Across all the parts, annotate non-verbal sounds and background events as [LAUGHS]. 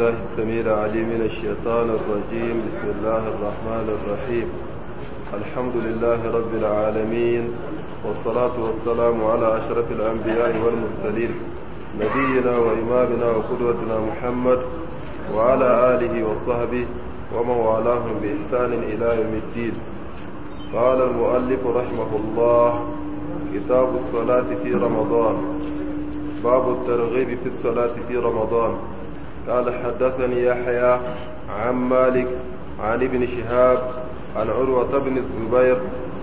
بالله السميع العليم من الشيطان الرجيم بسم الله الرحمن الرحيم الحمد لله رب العالمين والصلاة والسلام على أشرف الأنبياء والمرسلين نبينا وإمامنا وقدوتنا محمد وعلى آله وصحبه ومن والاهم بإحسان إلى يوم الدين قال المؤلف رحمه الله كتاب الصلاة في رمضان باب الترغيب في الصلاة في رمضان قال حدثني يحيى عن مالك عن ابن شهاب عن عروة بن الزبير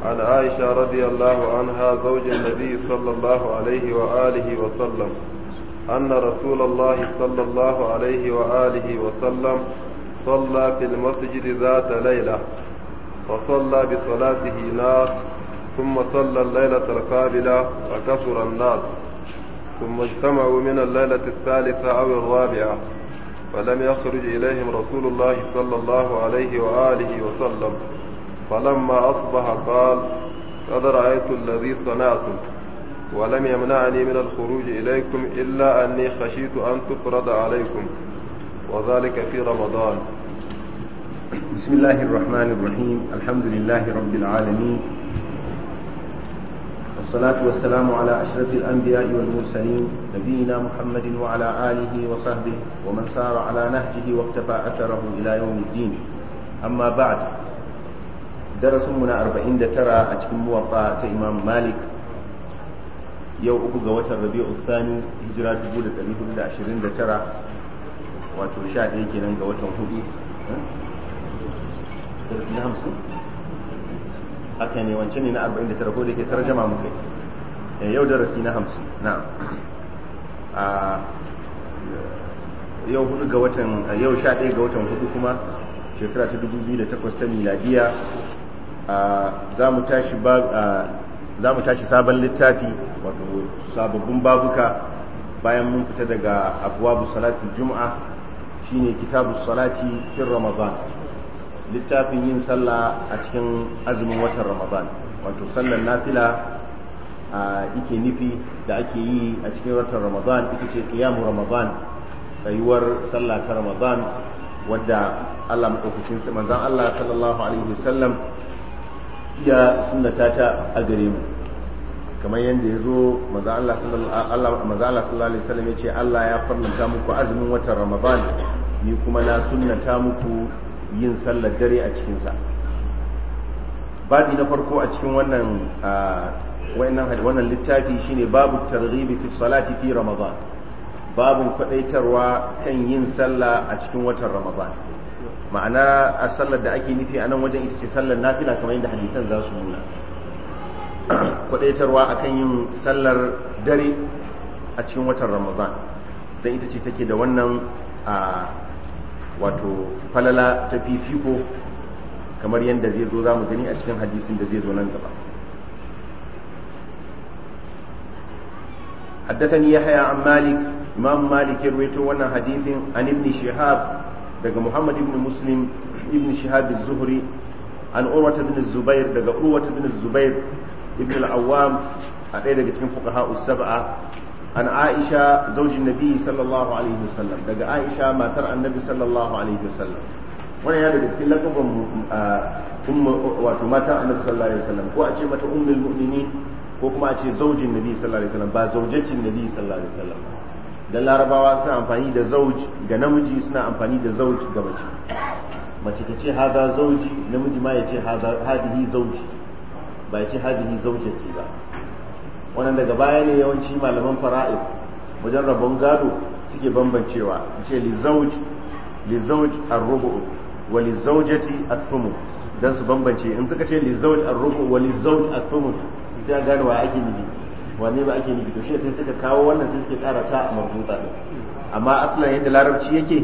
عن عائشة رضي الله عنها زوج النبي صلى الله عليه وآله وسلم أن رسول الله صلى الله عليه وآله وسلم صلى في المسجد ذات ليلة فصلى بصلاته ناس ثم صلى الليلة القابلة فكثر الناس ثم اجتمعوا من الليلة الثالثة أو الرابعة فلم يخرج إليهم رسول الله صلى الله عليه وآله وسلم فلما أصبح قال قد رأيت الذي صنعتم ولم يمنعني من الخروج إليكم إلا أني خشيت أن تفرض عليكم وذلك في رمضان بسم الله الرحمن الرحيم الحمد لله رب العالمين والصلاة والسلام على أشرف الأنبياء والمرسلين نبينا محمد وعلى آله وصحبه ومن سار على نهجه واقتفى أثره إلى يوم الدين أما بعد درس منا أربعين ترى أتكم موطأ إمام مالك يو أبو قوات الربيع الثاني هجرة جبودة أليه بدا عشرين ترى وترشاد يجي ننقوة هدي نعم سنة haka ne wancan ne na 49 ko da ke tarjama muka yi eh, yau darasi na 50 na a yau hudu ga watan yau 11 ga watan hudu kuma shekara ta 2008 ta miladiya za mu tashi za mu tashi sabon littafi wato sababbin babuka bayan mun fita daga abuwa salatin juma'a shine kitabu salati fi ramadan littafin yin sallah a cikin azumin watan ramadan wato sallar nafila a ike nufi da ake yi a cikin watan ramadan ita ce qiyamu ramadan tsayuwar sallah ta ramadan wadda Allah madaukakin manzon Allah sallallahu alaihi wasallam ya sunnata ta a gare mu kamar yadda ya zo manzon Allah sallallahu alaihi wasallam ya ce Allah ya farnanta muku azumin watan ramadan ni kuma na sunnata muku yin sallar dare a cikinsa babi na farko a cikin wannan littafi shine babu targhibi fi salati fi ramadan babu kwadaitarwa kan yin sallah a cikin watan ramadan ma'ana a sallar da ake nufi a nan wajen ita ce sallar nafila kamar yadda hadisan za su nuna [CLEARS THROAT] kwadaitarwa akan yin sallar dare a cikin watan ramadan don ita ce take da wannan wato falala ta fifiko kamar yadda zai zo za mu gani a cikin hadisin da zai zo nan gaba ni ya haya an malik imam malik ya rubuto wannan hadisin an ibn shihab daga muhammad ibn muslim ibn shihab zuhri an urwata ibn zubair daga urwata ibn zubair ibn al-awwam a ɗaya daga cikin fuqaha us an aisha zaujin nabi sallallahu alaihi wasallam daga aisha matar annabi sallallahu alaihi wasallam wannan ya daga cikin lakaban wato mata annabi sallallahu alaihi wasallam ko a ce mata ummul mu'minin ko kuma a ce zaujin nabi sallallahu alaihi wasallam ba zaujacin nabi sallallahu alaihi wasallam dan larabawa suna amfani da zauji ga namiji suna amfani da zauji ga mace mace ta ce haza zauji namiji ma ya ce hadihi zauji ba ya ce hadihi zaujati ba wannan daga baya ne yawanci malaman fara'id wajen rabon gado suke bambancewa su ce lizauj lizauj ar-rubu wa lizaujati ath-thumun dan su bambance in suka ce lizauj ar-rubu wa lizauj ath-thumun sai a gane wa ake nufi wanne ba ake nufi to shi sai suka kawo wannan sai suke ƙara ta marbuta din amma aslan yadda larabci yake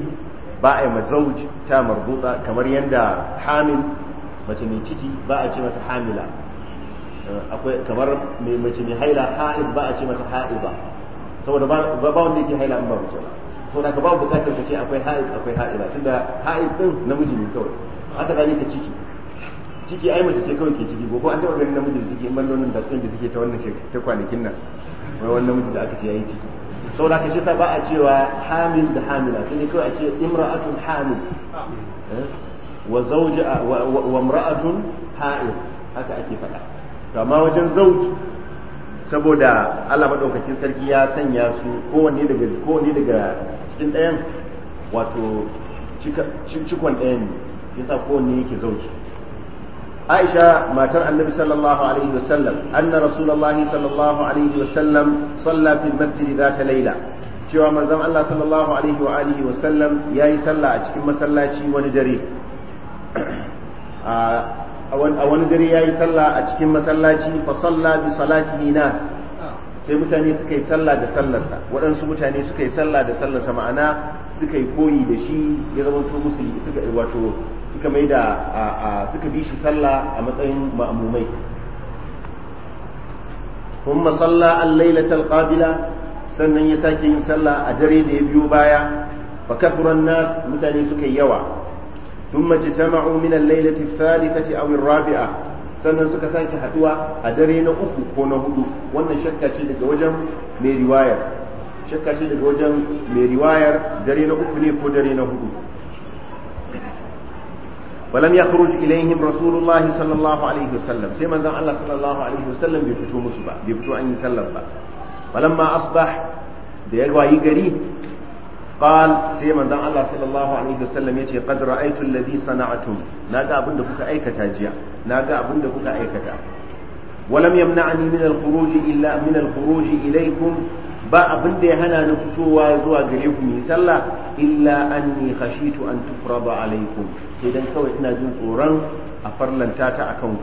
ba a yi mazauj ta marbuta kamar yadda hamil mace mai ciki ba a ce mata hamila akwai kamar mai mace mai haila ha'id ba a ce mata ha'iba saboda ba ba wanda yake haila in ba mace ba saboda ka ba bukatar ka ce akwai ha'id akwai ha'iba tunda ha'id din namiji ne kawai haka ka ciki ciki ai mace ce kawai ke ciki ko an taba ganin namiji da ciki in bandonin da tsin da suke ta wannan shekara ta kwanakin nan wai wannan namiji da aka ce yayi ciki saboda ka shi ba a cewa hamil da hamila sai ne kawai a ce imra'atun hamil eh? wa zawja wa imra'atun ha'id haka ake faɗa to amma wajen zauki saboda Allah madaukakin sarki ya sanya su kowanne daga kowanne daga cikin ɗayan wato cikon ɗayan ne yasa kowanne yake zauki Aisha matar Annabi sallallahu alaihi wasallam anna Rasulullahi sallallahu alaihi wasallam salla الله masjid وسلم صلى ذات ليلة cewa manzon Allah sallallahu alaihi wa alihi wasallam yayi sallah a cikin masallaci wani dare [CLEARS THROAT] a wani dare ya yi sallah a cikin masallaci fa salla bi salatihi nas sai mutane suka yi sallah da sallarsa waɗansu mutane suka yi sallah da sallarsa ma'ana suka yi koyi da shi ya to musulmi suka yi wato suka mai da suka bi shi sallah a matsayin ma'amumai kuma salla al-lailatal qabila sannan ya sake yin sallah a dare da ya biyo baya fa nas mutane suka yawa mace ثم اجتمعوا من الليلة الثالثة أو rabi'a sannan suka saki haɗuwa a dare na uku ko na hudu wannan shakka daga wajen mai riwayar shakka ce daga wajen mai riwayar dare na uku ne ko dare na hudu balam ya kuruji ilayhim rasulullahi sallallahu alaihi wasallam sai manzon Allah sallallahu alaihi wasallam bai bai fito an yi sallar ba balam ma asbah da ya wayi gari qal sai manzon Allah sallallahu alaihi wasallam yace qad ra'aytu alladhi sana'tum naga abin da kuka aikata jiya naga abin da kuka aikata ولم يمنعني من الخروج إلا من الخروج إليكم ba abin da ya hana ni fitowa zuwa gare ku yi sallah illa anni an tufrada alaikum sai dan kawai ina jin tsoron a farlanta ta akan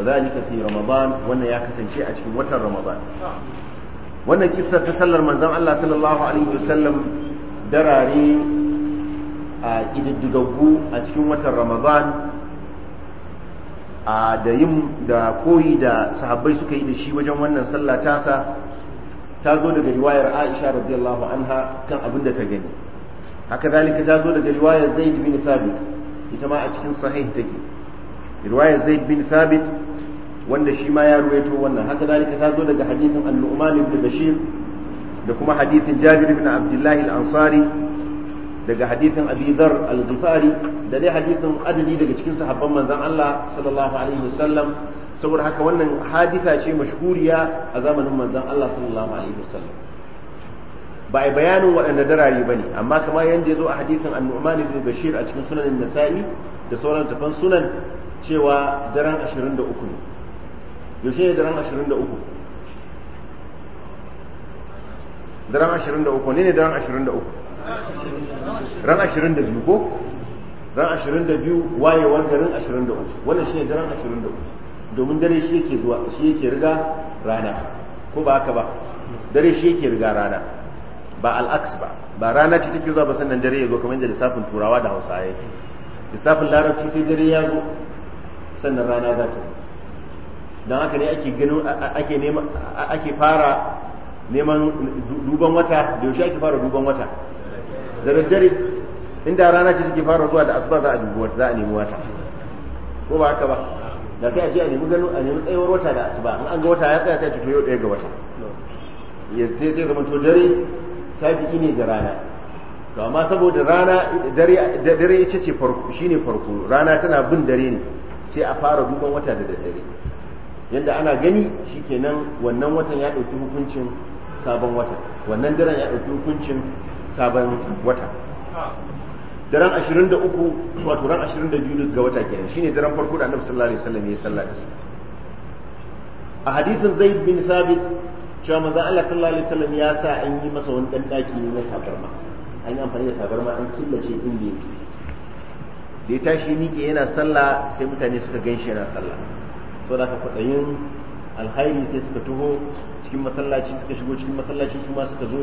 wannan ya kasance a cikin watan ramadan wannan kissar ta sallar manzon Allah darare a ƙididdigaggu a cikin watan ramadan a da yin da koyi da sahabbai suka yi da shi wajen wannan sallah tasa ta zo daga riwayar aisha radiyallahu anha kan abin da ta gani haka zalika ta zo daga riwayar zaid bin thabit ita ma a cikin sahih take riwayar zaid bin thabit wanda shi ma ya ruwaito wannan haka zalika ta zo daga hadisin al-nu'man ibn bashir da kuma hadithin jabir ibn abdullahi al-ansari daga hadithin abi dhar al-ghifari da dai hadithin adadi daga cikin sahabban manzon Allah sallallahu alaihi wasallam saboda haka wannan haditha ce mashhuriya a zamanin manzon Allah sallallahu alaihi wasallam ba a bayanin waɗanda darari ba ne amma kamar yadda ya zo a hadithin annu'man ibn bashir a cikin sunan nasa'i da sauran tafan sunan cewa daren 23 ne yaushe ne daren 23 daren ashirin da uku ne ne daren ashirin da uku ran ashirin da biyu ko ran ashirin da biyu wayewar garin ashirin da uku wannan shi ne daren ashirin da uku domin dare shi yake zuwa shi yake riga rana ko ba haka ba dare shi yake riga rana ba al'aks ba ba rana ce take zuwa ba sannan dare ya zo kamar da lissafin turawa da hausa yake lissafin larabci sai dare ya zo sannan rana za ta don haka ne ake ganin ake nema ake fara neman duban wata da yaushe ake fara duban wata da daddare inda rana ce take fara zuwa da asuba za a dubi wata za a nemi wata ko ba haka ba da sai a je a nemi gano a nemi tsayuwar wata da asuba in an ga wata ya tsaya ta ce to yau ɗaya ga wata ya sai sai zama to dare fi ne da rana to amma saboda rana dare ita ce farko shine farko rana tana bin dare ne sai a fara duban wata da daddare yadda ana gani shikenan wannan watan ya ɗauki hukuncin sabon wata wannan daren ya ɗauki hukuncin sabon wata daren 23 wato ran 22 ga wata kenan shine daren farko da annabi sallallahu alaihi wasallam ya sallah da a hadisin zaid bin sabit cewa manzo Allah sallallahu alaihi wasallam ya sa an yi masa wani dan daki ne na tabarma an yi amfani da tabarma an killace inda yake da ya tashi miƙe yana sallah sai mutane suka ganshi yana sallah to da ka kwaɗayin alkhairi sai suka taho cikin masallaci suka shigo cikin masallaci su ma suka zo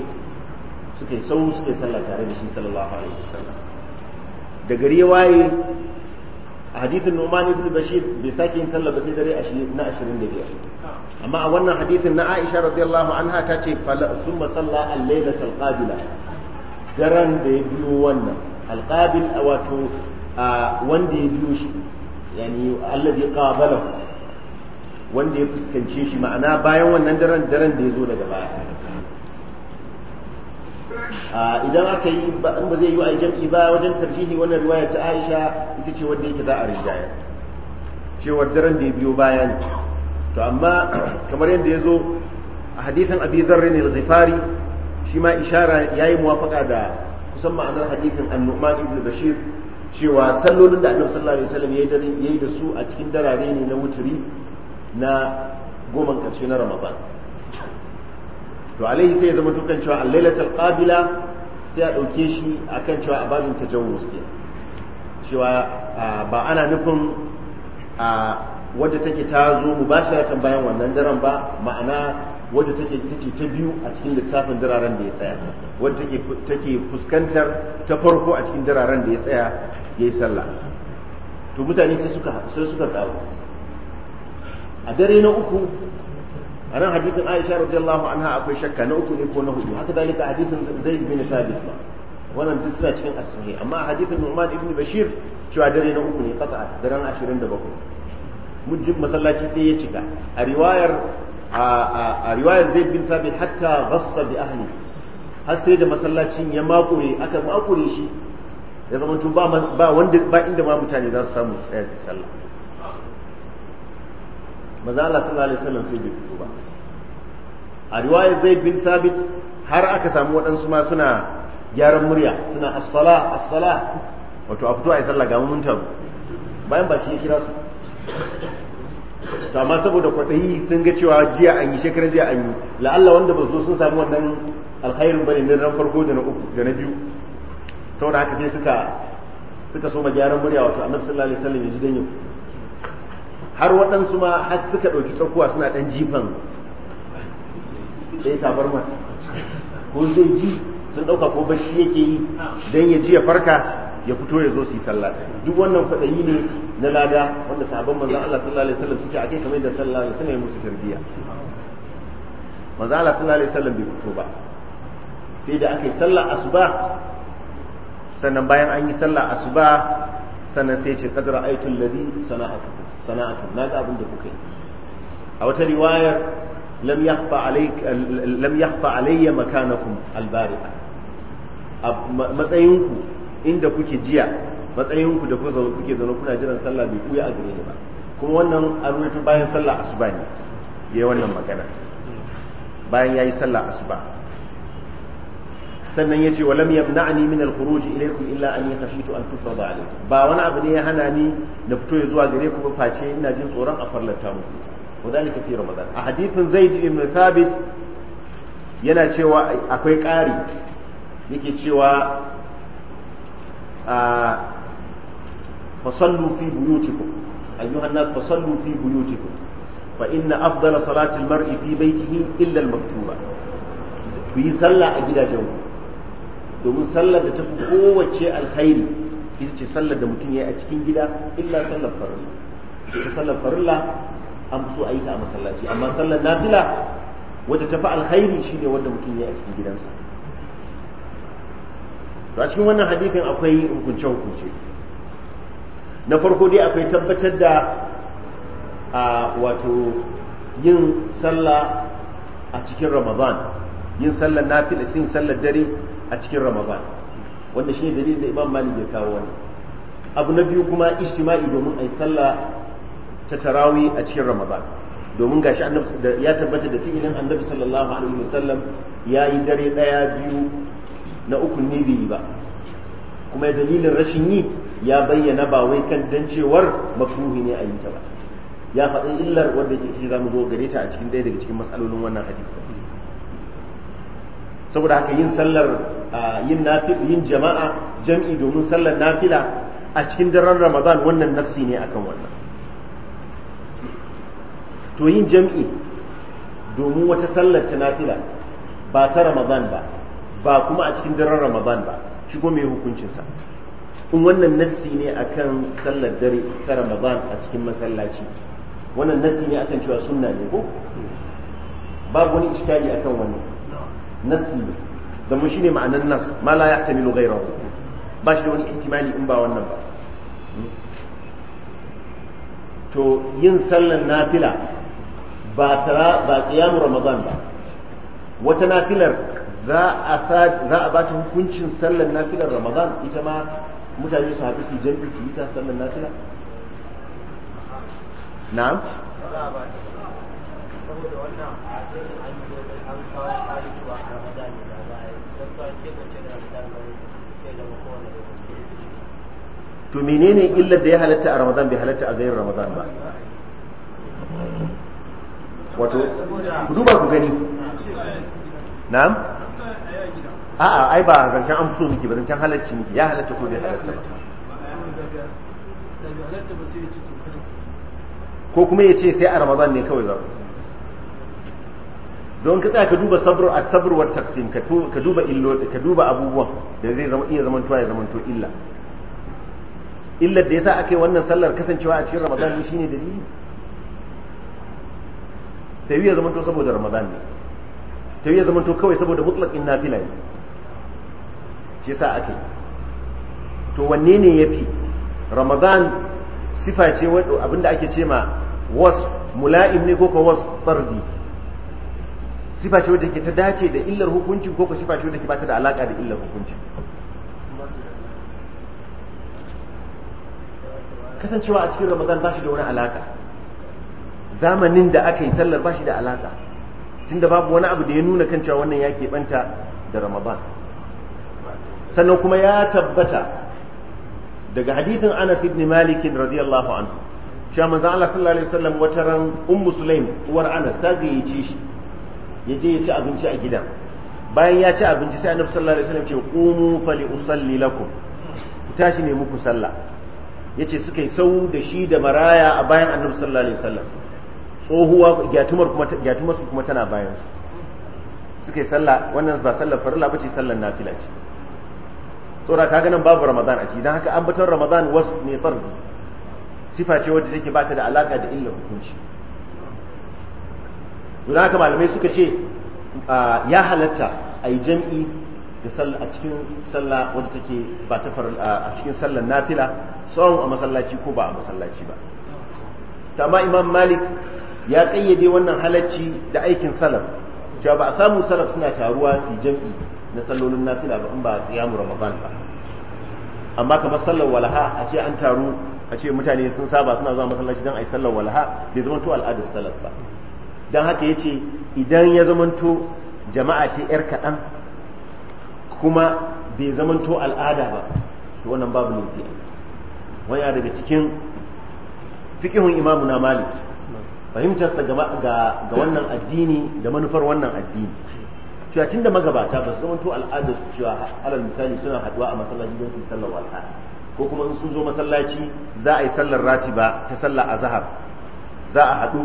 suka yi sau suka yi sallah tare da shi sallallahu alaihi wasallam da gari ya waye a hadithin Numan ibn Bashir bai sake yin sallah ba sai dare na 25 amma a wannan hadithin na Aisha radiyallahu anha ta ce summa salla al-lailat al-qabila daren da ya biyo wannan al-qabil wato wanda ya biyo shi yani alladhi qabalahu wanda ya fuskance shi ma'ana bayan wannan daren daren da ya zo daga baya idan aka yi in ba zai yi a jam'i ba wajen tarjihi wannan riwaya ta Aisha ita ce wanda yake za a rijaya cewar daren da ya biyo baya to amma [CLEARS THROAT] kamar yadda ya zo a hadisan Abi Dharr ne al shi ma ishara yayi muwafaka da kusan ma'anar hadisan an ibn Bashir cewa sallolin da Annabi sallallahu alaihi wasallam yi da su a cikin darare ne na wuturi na goman karshe na ramadan to alaihi sai ya zama tukan cewa al-lailatul qabila sai a dauke shi akan cewa a babin tajawuz ke cewa ba ana nufin a wadda take ta zo mubasharatan bayan wannan daren ba ma'ana wadda take ita ta biyu a cikin lissafin diraren da ya tsaya wadda take take fuskantar ta farko a cikin diraren da ya tsaya yayi sallah to mutane sai suka sai suka kawo a dare na uku a nan hadithin Aisha radiyallahu anha akwai shakka na uku ne ko na hudu haka dalika hadisin Zaid bin Thabit ba wannan duk suna cikin asiri amma hadithin Nu'man ibn Bashir cewa dare na uku ne a daren 27 mujin masallaci sai ya cika a riwayar a riwayar zai bin Thabit hatta ghassa bi ahli har sai da masallacin ya makure aka makure shi ya zama ba wanda ba inda ma mutane za su samu tsaya su sallah manzo Allah sallallahu alaihi wasallam sai bai fito ba a riwaya zai bin sabit har aka samu waɗansu ma suna gyaran murya suna asala asala? wato a fito a yi sallah ga mun taru bayan ba shi ya kira su to amma saboda kwaɗayi sun ga cewa jiya an yi shekarar jiya an yi la'alla wanda ba zo sun samu wannan alkhairin bane na ran farko da na uku da na biyu saboda haka sai suka suka so ma gyaran murya wato annabi sallallahu alaihi wasallam ya ji don yau har waɗansu ma har suka ɗauki tsakuwa suna ɗan jifan sai tabarma ko zai ji sun ɗauka ko bashi yake yi don ya ji ya farka ya fito ya zo su yi sallah duk wannan kwaɗayi ne na lada wanda sahabban manzon Allah sallallahu alaihi wasallam suke akai kamar da da suna yi musu tarbiyya manzon Allah sallallahu alaihi wasallam bai fito ba sai da aka yi sallah asuba sannan bayan an yi sallah asuba sannan sai ce kadara ra'aytu alladhi sana'a sana'atan na ga abin da kuka yi a wata riwayar lam yahfa alayya makanakum albari'a matsayinku inda kuke jiya matsayinku da kuke zaune kuna jiran sallah bai kuya a gare ni ba kuma wannan an bayan sallah asuba ne yayi wannan magana bayan yayi sallah asuba sannan ce wa lam yamna'ni min al-khuruj ilaykum illa an yakhashitu an tufrada alaykum ba wani abu ne ya hana ni na fito zuwa gare ku ba face ina jin tsoron a farlata muku wadalika fi ramadan a hadithin zaid ibn thabit yana cewa akwai ƙari yake cewa a ah, fasallu fi buyutikum ayyuhan nas fasallu fi buyutikum fa inna afdala salati al-mar'i fi baytihi illa al-maktuba ku yi sallah a gidajenku domin sallar da ta fi kowace alkhairi ita ce sallar da mutum ya yi a cikin gida illa sallar farilla ita sallar farilla an fi so a yi ta a masallaci amma sallar nafila wadda tafi alkhairi ne wanda mutum ya yi a cikin gidansa a cikin wannan hadifin akwai hukunce hukunce na farko dai akwai tabbatar da a wato yin sallah a cikin ramadan yin sallar nafila sin sallar dare a cikin ramadan wanda shi ne dalilin da imam malik ya kawo wani abu na biyu kuma ishtima'i domin a yi sallah ta tarawi a cikin ramadan domin gashi ya tabbata da fi'ilin annabi sallallahu alaihi wasallam ya yi dare daya biyu na uku ne bai ba kuma dalilin rashin yi ya bayyana ba wai kan dancewar makruhi ne a yi ta ba ya faɗin illar wanda ke shi zamu zo gare ta a cikin ɗaya daga cikin matsalolin wannan hadisi saboda haka yin sallar yin jama'a jam'i domin sallar nafila a cikin daren ramadan wannan nafsi ne akan wannan to yin jam'i domin wata sallar ta nafila ba ta ramadan ba ba kuma a cikin daren ramadan ba shi kuma mai hukuncinsa in wannan nassi ne akan sallar dare ta ramadan a cikin masallaci wannan nassi ne akan cewa sunna ne ko babu wani iskali akan wannan nassi ne domin shine ma'anar nas ma la yahtamilu ghayrahu ba shi da wani ihtimali in ba wannan ba to yin sallan nafila ba tara ba qiyamu ramadan ba wata nafilar za a za a bata hukuncin sallan nafilar ramadan ita ma mutane su haɗu su jami'i su yi ta sallan nafila na'am to menene illar da ya halatta a ramadan bai halatta a gairin ramadan ba wato duba ku gani na'am a ai ba zancen an fito miki ba zancen halarci miki ya halatta ko bai halatta ba ko kuma ya ce sai a ramadan ne kawai ba don ka tsaya ka duba sabr at sabr wa taqsim ka duba illo ka duba abubuwan da zai zama iya zamantowa ya zamanto illa illar da yasa ake wannan sallar kasancewa a cikin ramadan ne shine dalili tawi ya zamanto saboda ramadan ne tawi ya zamanto kawai saboda mutlaqin nafila ne shi yasa ake to wanne ne yafi ramadan sifa ce abinda ake ce ma was mula'im ne ko ka was fardi sifa ce wadda ke ta dace da illar hukuncin ko ko sifa ce wadda ke ba ta da alaka da illar hukuncin kasancewa a cikin ramadan ba shi da wani alaka zamanin da aka yi sallar ba shi da alaka tunda babu wani abu da ya nuna kan cewa wannan ya keɓanta da ramadan sannan kuma ya tabbata daga hadithin anas ibn malik radiyallahu anhu cewa manzon Allah sallallahu alaihi wasallam wata ran ummu sulaim uwar anas ta gayyace shi ya je ya ci abinci a gidan bayan ya ci abinci sai annabi sallallahu alaihi wasallam ce qumu fali usalli lakum ku tashi ne muku sallah yace suka yi sau da shi da maraya a bayan annabi sallallahu alaihi wasallam tsohuwa gyatumar kuma gyatumar su kuma tana bayan su suka yi sallah wannan ba sallar farilla bace sallar nafila ce tsora kaga nan babu ramadan a ciki dan haka ambaton ramadan wasu ne tarbi sifa ce wadda take ba ta da alaka da illa hukunci don haka malamai suka ce ya halatta a yi jam'i a cikin sallah wadda take a cikin sallar nafila tsawon a masallaci ko ba a masallaci ba amma imam malik ya kayyade wannan halacci da aikin salaf cewa ba a samu salaf suna taruwa su jam'i na sallolin nafila ba in ba mu ramadan ba amma kamar sallar walaha a ce an taru a ce mutane sun saba suna zuwa masallaci don a yi sallar walaha bai zama to al'adar salaf ba don haka yace idan ya zamanto jama'a ce yar kaɗan kuma bai zamanto al'ada ba to wannan babu laifi wani daga cikin fikihun imamu na malik fahimtarsa ga wannan addini da manufar wannan addini cewa tun da magabata ba su zamanto al'ada su cewa alal misali suna haduwa a masallaci don su sallar wata ko kuma in sun zo masallaci za a yi sallar rati ba ta sallar azhar za a haɗu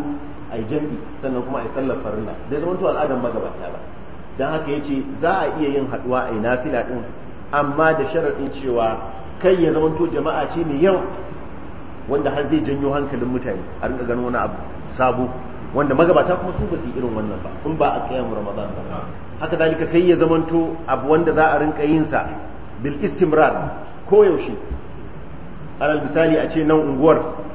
a yi jambi sannan kuma a yi sallar farilla da zama to al'adar magabata ba don haka ce za a iya yin haɗuwa a yi fila din amma da sharaɗin cewa kai ya zama to jama'a ce mai yawa wanda har zai janyo hankalin mutane a rinka ganin wani abu sabo wanda magabata kuma su ba su yi irin wannan ba in ba a kayan ramadan ba haka dalika kai ya zamanto abu wanda za a rinka yin sa bil istimrar ko yaushe alal misali a ce nan unguwar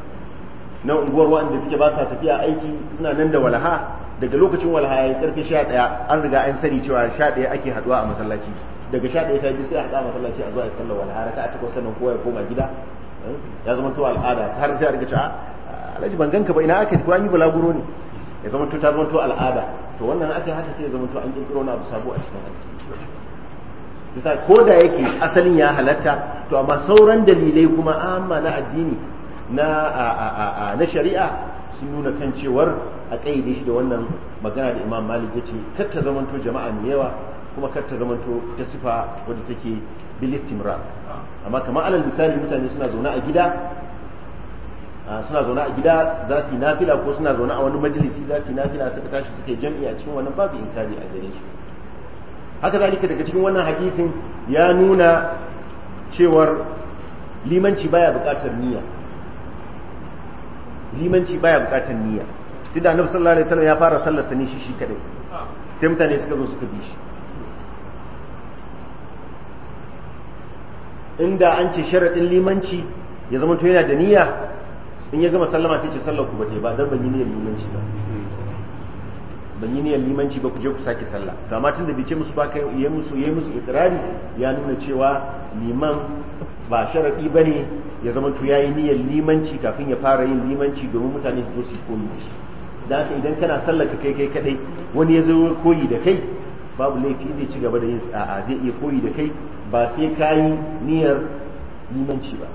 na unguwar waɗanda suke ba sa tafiya aiki suna nan da walaha daga lokacin walaha ya yi karfe sha ɗaya an riga an sani cewa sha ɗaya ake haɗuwa a masallaci daga sha ɗaya ta biyu sai a haɗa masallaci a zuwa a sallar walaha raka a takwas sannan kowa ya koma gida ya zama to al'ada har sai a riga cewa ah, alhaji ban ganka ba ina aka ko an yi balaguro ne ya zama to ta zama to al'ada to wannan aka haka sai ya zama to an ƙirƙiro na abu sabo a cikin aiki ko da yake asalin ya halatta to amma sauran dalilai kuma ah, amma na addini na na shari'a sun nuna kan cewar a kaide shi da wannan magana da Imam Malik yace kar ta zamanto jama'a mai yawa kuma kar ta zamanto ta sifa wadda take bil amma kamar alal misali mutane suna zaune a gida suna zaune a gida za su yi nafila ko suna zaune a wani majalisi za su yi nafila suka tashi suka yi jam'i a cikin wannan babu inkari a gare shi haka zalika daga cikin wannan hadisin ya nuna cewar limanci baya buƙatar niyya limanci baya bukatar niyya tunda annabi sallallahu alaihi wasallam ya fara sallar sani shi shi kadai sai mutane suka zo suka bi shi inda an ce sharadin limanci ya zama to yana da niyya in ya gama sallama sai ce sallar ku ba ta ba dan ban yi niyyar limanci ba ban yi niyyar limanci ba ku je ku sake sallah to amma tunda bai ce musu ba kai yayi musu yayi musu ikrari ya nuna cewa liman ba sharadi bane ya zama to yayi niyyar limanci kafin ya fara yin limanci domin mutane su zo su komi da shi haka idan kana sallah ka kai kai kadai wani ya zo koyi da kai babu laifi zai ci gaba da yin a'a zai iya koyi da kai ba sai yi niyyar limanci ba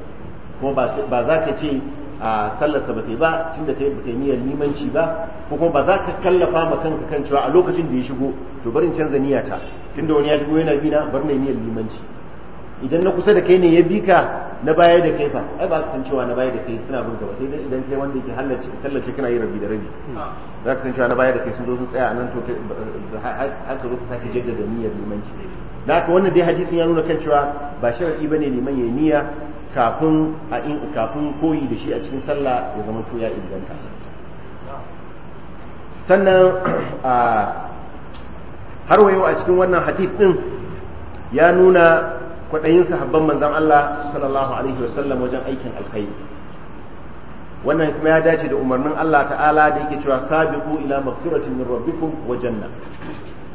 kuma ba za ka ce a sallarsa ba yi ba tunda kai ba yi niyyar limanci ba ko kuma ba za ka kallafa ma kanka kan cewa a lokacin da ya shigo to bari in canza niyyata da wani ya shigo yana bina bar na niyyar limanci idan na kusa da kai ne ya bi ka na baya da kai fa ai ba ka san cewa na baya da kai suna bin gaba sai dai idan kai wanda yake halarci sallace kana yi rabi da rabi za ka san cewa na baya da kai sun zo sun tsaya a nan to har ka zo ka sake jaddada niyyar limanci da haka wannan dai hadisin ya nuna kan cewa ba sharadi ne liman ya niyya kafin a in kafin koyi da shi a cikin sallah ya zama to ya inganta sannan [CLEARS THROAT] a har wayo a cikin wannan hadis din ya nuna kwaɗayin sahabban manzon Allah sallallahu alaihi wasallam wajen aikin alkhairi wannan kuma ya dace da umarnin Allah ta'ala da yake cewa sabiqu ila maghfiratin min rabbikum wa janna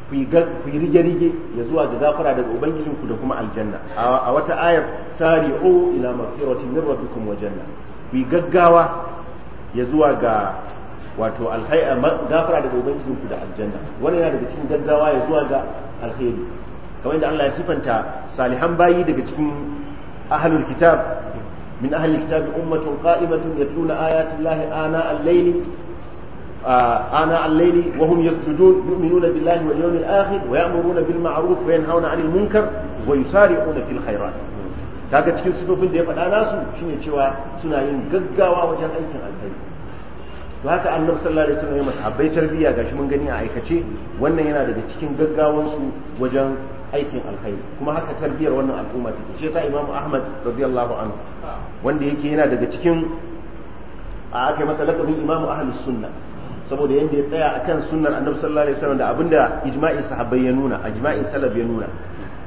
ku yi rige-rige ya zuwa ga gafara daga ubangijinku da kuma aljanna a wata ayar o ila mafiratin min rabbikum wa janna ku yi gaggawa ya zuwa ga wato alhai'a gafara daga ubangijinku da aljanna wannan yana daga cikin gaggawa ya zuwa ga alkhairi kamar yadda Allah ya sifanta salihan bayi daga cikin ahlul kitab min ahlil kitab ummatun qa'imatun yatluna ayati llahi ana al-layli آناء الليل وهم يسجدون يؤمنون بالله واليوم الآخر ويأمرون بالمعروف وينهون عن المنكر ويسارعون في الخيرات kaga cikin sifofin da ya faɗa nasu shine cewa suna yin gaggawa wajen aikin alkhairi to haka annabi sallallahu alaihi wasallam ya masahabbai tarbiyya gashi mun gani a aikace wannan yana daga cikin gaggawan su wajen aikin alkhairi kuma haka tarbiyyar wannan al'umma take shi yasa imamu ahmad radiyallahu anhu wanda yake yana daga cikin a aka masa lakabin imamu ahlus sunna saboda yadda ya tsaya a kan sunnar annabi sallallahu alaihi wasallam da abinda ijma'in sahabbai ya nuna ijma'in salaf ya nuna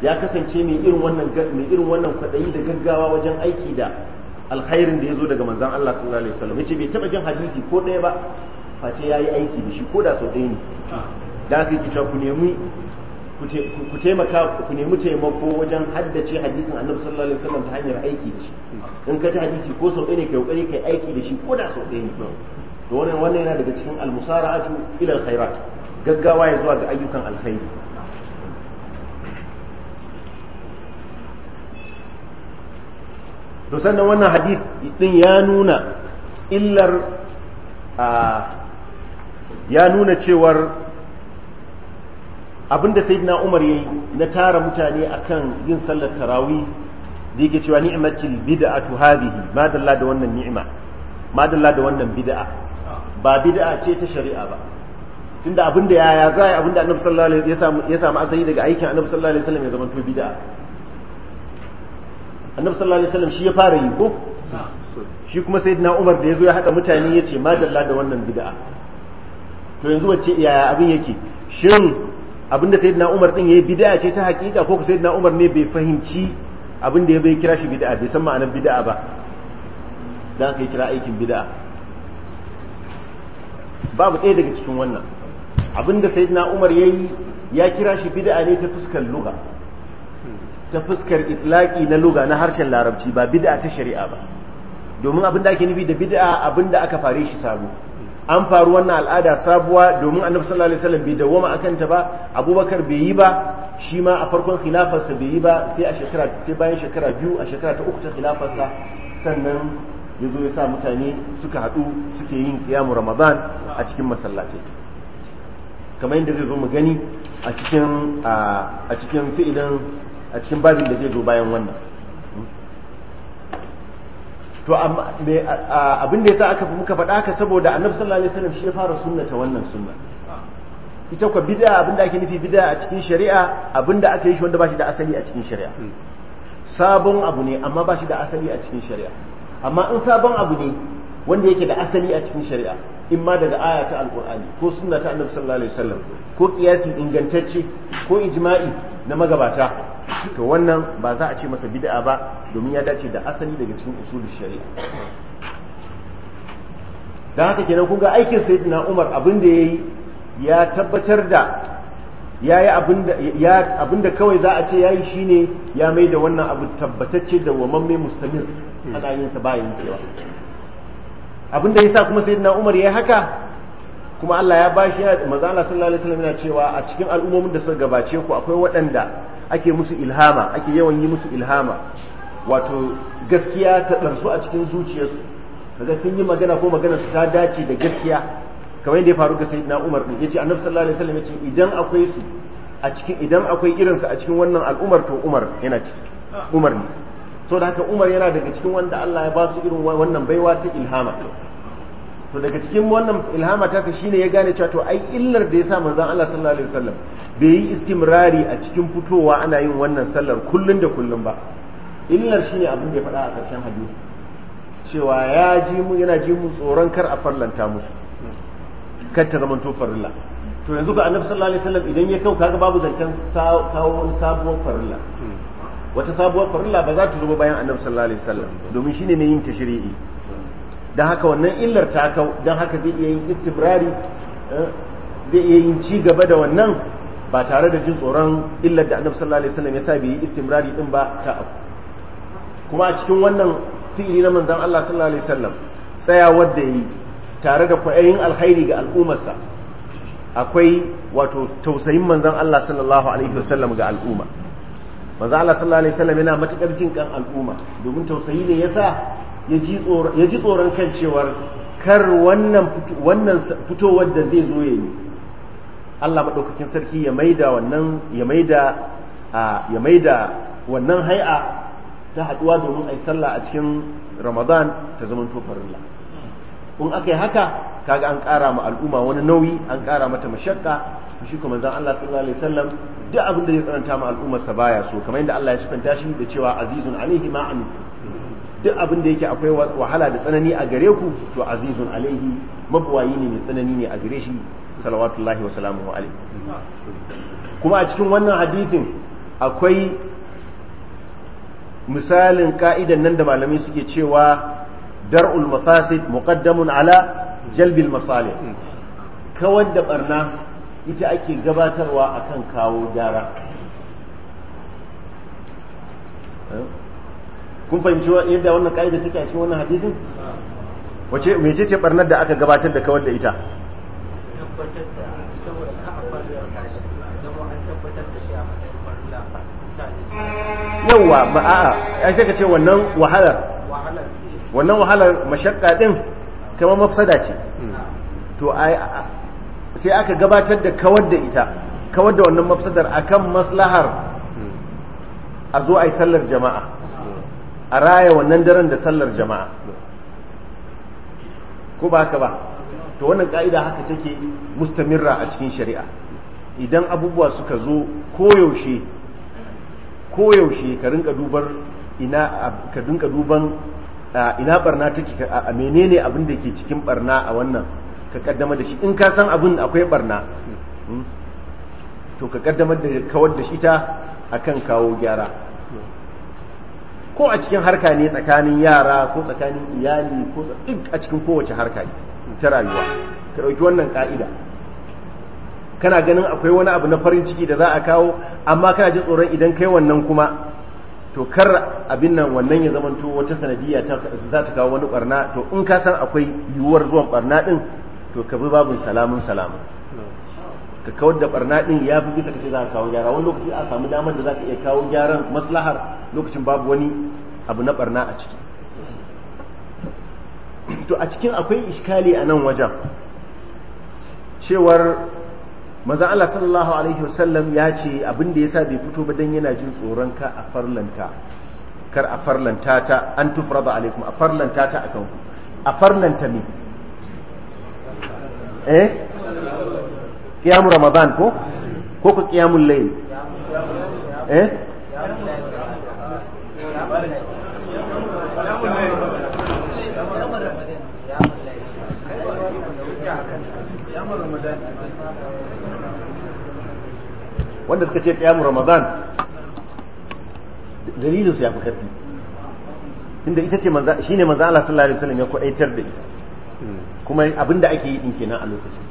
ya kasance mai irin wannan mai irin wannan kwadayi da gaggawa wajen aiki da alkhairin da ya zo daga manzon Allah sallallahu alaihi wasallam yace bai taba jin hadisi ko ɗaya ba face yayi aiki da shi ko da sau ɗaya ne da aka yi ku nemi ku taimaka ku nemi taimako wajen haddace hadisin annabi sallallahu alaihi wasallam ta hanyar aiki da shi in ka ci hadisi ko sau ɗaya ne kai kokari kai aiki da shi ko da sau ɗaya ne da wannan yana daga cikin almusara'atu ila alkhairat gaggawa ya zuwa ga ayyukan alkhairi to sannan wannan hadith din ya nuna illar ya nuna cewar abinda sayyidina Umar yayi na tara mutane akan yin sallar tarawi da yake cewa ni'matil bid'atu hadhihi madalla da wannan ni'ima madalla da wannan bid'a ba bid'a ce ta shari'a ba tunda abin da yaya za a yi abin da annabi sallallahu alaihi wasallam ya samu asali daga aikin annabi sallallahu alaihi wasallam ya zama to bid'a annabi sallallahu alaihi wasallam shi ya fara yi ko shi kuma sayyidina Umar da yazo ya haɗa mutane yace ma dalla da wannan bid'a to yanzu wacce yaya abin yake shin abin da sayyidina Umar din yayi bid'a ce ta hakika ko sayyidina Umar ne bai fahimci abin da ya bai kira shi bid'a bai san ma'anar bid'a ba dan kai kira aikin bid'a babu ɗaya daga cikin wannan abinda na umar ya yi ya kira shi bid'a ne ta fuskar luga ta fuskar itlaƙi na luga na harshen larabci ba bid'a ta shari'a ba domin abin da ake nufi da bid'a abin da aka fare shi sabu. an faru wannan al'ada sabuwa domin annabi sallallahu alaihi wasallam bai dawwama akan ta ba abubakar bai yi ba shi ma a farkon khilafarsa bai yi ba sai a shekara sai bayan shekara biyu a shekara ta uku ta khilafarsa sannan ya zo ya sa mutane suka haɗu suke yin kiyamu ramadan a cikin masallatai kamar yadda zai zo mu gani a cikin a cikin fi'ilan a cikin babin da zai zo bayan wannan to amma abin da sa aka fi muka faɗa haka saboda annabi sallallahu alaihi wasallam shi ya fara sunnata wannan sunna ita kwa bid'a abin da ake nufi bid'a a cikin shari'a abin da aka yi shi wanda ba shi da asali a cikin shari'a hmm. sabon abu ne amma ba shi da asali a cikin shari'a amma in sabon abu ne wanda yake da asali a cikin shari'a in ma daga aya ta alqur'ani ko sunna ta annabi sallallahu alaihi wasallam ko kiyasi ingantacce ko ijma'i na magabata to wannan ba za a ce masa bid'a ba domin ya dace da asali daga cikin usulul shari'a dan haka kenan kun ga aikin sayyidina Umar abin da yayi ya tabbatar da yayi abin da kawai za a ce yayi shine ya mai da wannan abu tabbatacce da wamamme mustamir ana yin sa ba cewa. abin da yasa kuma sayyidina Umar yayi haka kuma Allah ya bashi ya manzo Allah sallallahu alaihi wasallam yana cewa a cikin al'ummomin da suka gabace ku akwai waɗanda ake musu ilhama ake yawan yi musu ilhama wato gaskiya ta ɗarsu a cikin zuciyarsu kaga sun yi magana ko magana su ta dace da gaskiya kamar yadda ya faru ga sayyidina Umar din yace annabi sallallahu alaihi wasallam yace idan akwai su a cikin idan akwai irinsa a cikin wannan al'umar to Umar yana ciki Umar ne to da haka Umar yana daga cikin wanda Allah ya ba su irin wannan baiwa ta ilhama to daga cikin wannan ilhama ta ka shine ya gane cewa to ai illar da ya sa manzon Allah sallallahu alaihi wasallam bai yi istimrari a cikin fitowa ana yin wannan sallar kullun da kullun ba illar shine abin da ya faɗa a ƙarshen hadisi cewa ya ji mu yana ji mu tsoron kar a farlanta musu kar ta zama to farilla to yanzu ga annabi sallallahu alaihi wasallam idan ya kau kaga babu zancen kawo wani sabuwar farilla hmm. wata sabuwar farilla ba za ta zuba bayan annabi sallallahu alaihi wasallam domin shine mai yin tashri'i dan haka wannan illar ta kau dan haka zai iya yin istibrari eh, zai iya yin ci gaba da wannan ba tare da jin tsoron illar da annabi sallallahu alaihi wasallam ya sa bai yi istimrari din ba ta abu kuma a cikin wannan fi'ili na manzon Allah sallallahu alaihi wasallam tsayawar da yi tare da kwayoyin alkhairi ga al'ummarsa akwai wato tausayin manzon Allah sallallahu alaihi wasallam ga al'umma manzo Allah sallallahu alaihi wasallam yana matakar jin kan al'umma domin tausayi ne yasa ya ji tsoron kan cewar kar wannan wannan fitowar da zai zo yayi Allah madaukakin sarki ya maida wannan ya maida ya maida wannan hai'a ta haduwa domin ai sallah a cikin Ramadan ta zama Allah kun aka yi haka kaga an kara ma al'umma wani nauyi an kara mata mashakka shi kuma zan Allah sallallahu alaihi wasallam duk abin da ya tsananta ma al'ummar sa baya so kamar yadda Allah ya sifanta shi da cewa azizun alaihi ma an duk abin da yake akwai wahala da tsanani a gare ku to azizun alaihi mabwayi ne mai tsanani ne a gare shi salawatullahi wa salamuhu alaihi kuma a cikin wannan hadithin akwai misalin ka'idan nan da malamai suke cewa dar'ul mafasid muqaddamun ala jalbil masalih kawar da barna ita ake gabatarwa akan kawo gyara eh? kun fahimci yadda wannan ka'ida take a cikin wannan hadisin wace mai ce barnar da aka gabatar da kawar da ita yawwa ba a'a ya sai ka ce wannan wahalar wannan wahalar mashakka din kamar mafsada ce to ai sai aka gabatar da kawar da ita kawar da wannan mafsadar akan maslahar a zo a yi sallar jama'a a raya wannan daren da sallar jama'a ko ba haka ba to wannan ka'ida haka take mustamirra a cikin shari'a idan abubuwa suka zo koyaushe koyaushe ka rinka dubar ina ka rinka duban ina barna take a menene abin da ke cikin barna a wannan ka kaddamar da shi in ka san abin akwai barna hmm, to ka kaddamar da kawar da shi ta akan kawo gyara ko a cikin harka ne tsakanin yara ko tsakanin iyali ko tsakanin a cikin kowace harka ne, ta rayuwa ka ɗauki wannan ka'ida kana ganin akwai wani abu na farin ciki da za a kawo amma kana ji tsoron idan kai wannan kuma to kar abin nan wannan ya zamanto wata sanadiyya za ta kawo wani barna to in ka san akwai yiwuwar zuwan barna din to ka bi babin salamun salamun ka kawar da barna din ya fi bisa kace za ka kawo gyara wani lokaci a samu damar da za ka iya kawo gyaran maslahar lokacin babu wani abu na barna a ciki to a cikin akwai iskali a nan wajen cewar maza Allah sallallahu alaihi wasallam ya ce abin da yasa bai fito ba dan yana jin tsoron ka a farlanta kar a farlanta ta an tufrada alaikum a farlanta ta akan ku a farlanta me eh kiyamu ramadan ko ko ko qiyamul layl eh wanda suka ce kiyamun ramadan dalilin su ya fi karfi inda ita ce shine manzo Allah sallallahu alaihi wasallam ya kwaitar da ita hmm. kuma abin da ake yi din kenan a lokacin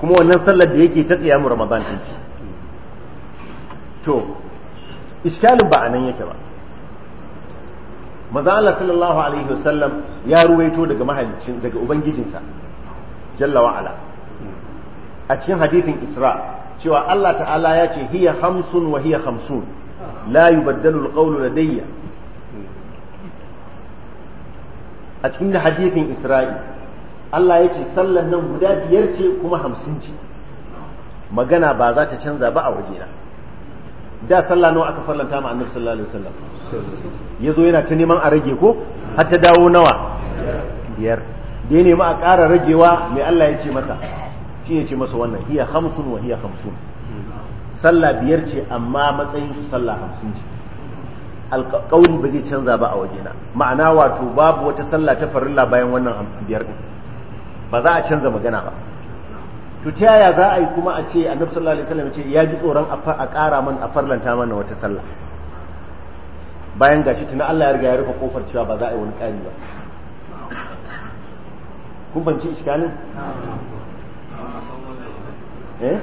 kuma wannan sallar da yake ta tsiyamu ramadan din to iskalin ba nan yake ba maza Allah sallallahu alaihi wasallam ya ruwaito daga mahalicin daga ubangijinsa jalla wa ala a cikin hadithin isra cewa Allah ta'ala ya ce hiya hamsun wa hiya hamsun la yubaddalu alqawlu ladayya a cikin da hadithin isra'i Allah ya ce sallan nan guda biyar ce kuma hamsin ce magana ba za ta canza ba a wajena da sallah nawa aka farlanta ma annabi sallallahu alaihi wasallam ya zo yana ta neman a rage ko har ta dawo nawa biyar da ya nemi a ƙara ragewa mai Allah ya ce mata shi ya ce masa wannan hiya hamsin wa hiya hamsin sallah biyar ce amma matsayin su sallah hamsin ce alƙauri ba zai canza ba a wajena ma'ana wato babu wata sallah ta farilla bayan wannan biyar din ba za a canza magana ba to ta yaya za a yi kuma a ce annabi sallallahu alaihi wasallam ce ya ji tsoron a ƙara man a farlanta mana wata sallah bayan gashi tuna Allah ya riga ya rufe kofar cewa ba za a yi wani ƙari ba kun banci iskalin eh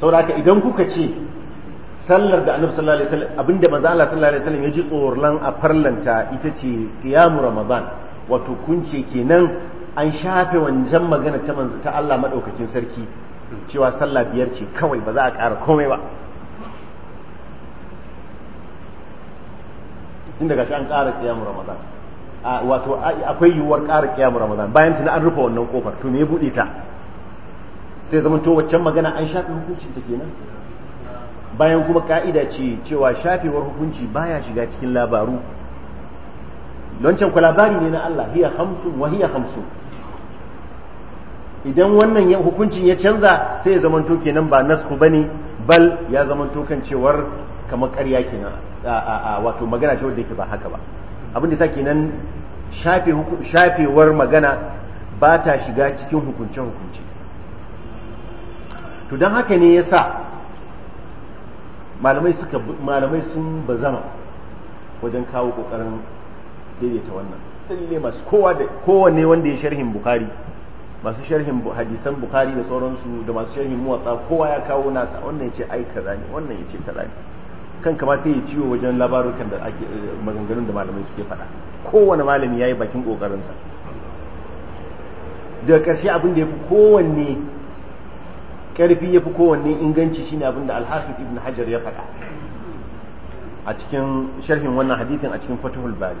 saboda idan kuka ce sallar da annabi sallallahu alaihi wasallam abinda manzo Allah sallallahu alaihi wasallam ya ji tsoron a farlanta ita ce qiyamu ramadan wato kunce kenan an shafe wancan magana ta manzo ta Allah madaukakin sarki cewa sallah biyar ce kawai ba za a ƙara komai ba tun daga shi an ƙara qiyamu ramadan wato akwai yiwuwar ƙara qiyamu ramadan bayan tun an rufe wannan kofar to me ya bude ta sai to waccan magana an shafe hukuncin ta kenan bayan kuma ka'ida ce cewa shafewar hukunci baya shiga cikin labaru don can labari ne na Allah hiya wa hiya idan wannan hukuncin ya canza sai ya zamanto kenan ba nasku bane bal ya zamanto kan cewar kamar ƙarya kenan wato magana ce da yake ba haka ba abin da sake nan shafewar magana ba ta shiga cikin hukunce-hukunce to don haka ne ya sa malamai suka malamai sun bazama wajen kawo kokarin daidaita wannan dalilai masu kowa da kowanne wanda ya sharhin bukhari masu sharhin hadisan bukhari da sauransu da masu sharhin muwatsa kowa ya kawo nasa wannan ya ce ai kaza ne wannan ya ce kaza ne kan kama sai ya ciwo wajen labarukan da ake maganganun da malamai suke faɗa kowane malami ya yi bakin ƙoƙarinsa daga ƙarshe abin da ya fi kowanne ƙarfi ya fi kowanne inganci shine abin da alhafiz ibn hajar ya faɗa a cikin sharhin wannan hadithin a cikin fatahul bari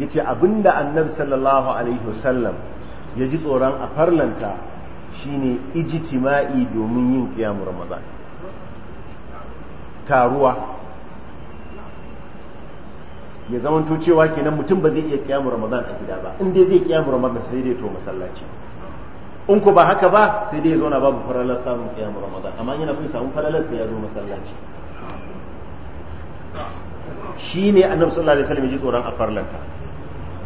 ya ce abin da annabi sallallahu alaihi wasallam ya ji tsoron a farlanta shi ne ijtima'i domin yin ƙiyamu ramadan taruwa ya zamanto cewa kenan mutum ba zai iya ƙiyamu ramadan a gida ba inda zai ƙiyamu ramadan sai dai to masallaci in ku ba haka ba sai dai ya na babu falalar samun kiyamun ramadan amma yana son samu falalar sai ya zo masallaci shi ne annabi sallallahu alaihi wasallam ya ji tsoron a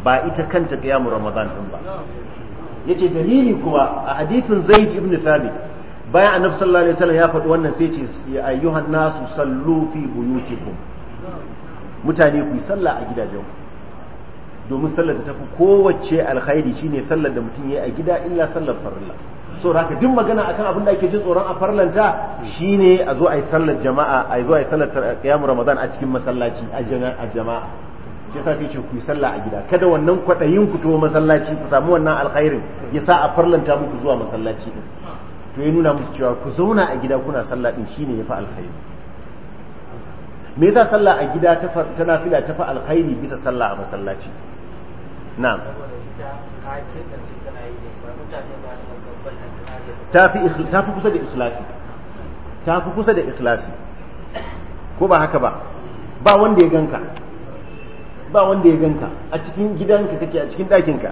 ba ita kanta kiyamun ramadan din ba yace dalili kuwa a hadithin zaid ibn thabit bayan annabi sallallahu alaihi wasallam ya faɗi wannan sai ce ya ayyuhan nasu sallu fi buyutikum mutane ku yi sallah a gidajenku domin sallar da tafi kowace alkhairi shine sallar da mutum yayi a gida illa sallar farilla so haka duk magana akan abin da ake jin tsoron a farlanta shine a zo a yi sallar jama'a a zo a yi sallar qiyam ramadan a cikin masallaci a jama'a sa yasa ce ku yi sallah a gida kada wannan kwadayin ku to masallaci ku samu wannan alkhairin ya sa a farlanta muku zuwa masallaci din to ya nuna musu cewa ku zauna a gida kuna sallah din shine yafi alkhairi me yasa sallah a gida ta nafila ta fa alkhairi bisa sallah a masallaci نعم tafi fi kusa da ikhlasi ta fi kusa da ikhlasi ko ba haka ba ba wanda ya ganka ba wanda ya ganka a cikin gidanka kake a cikin ɗakinka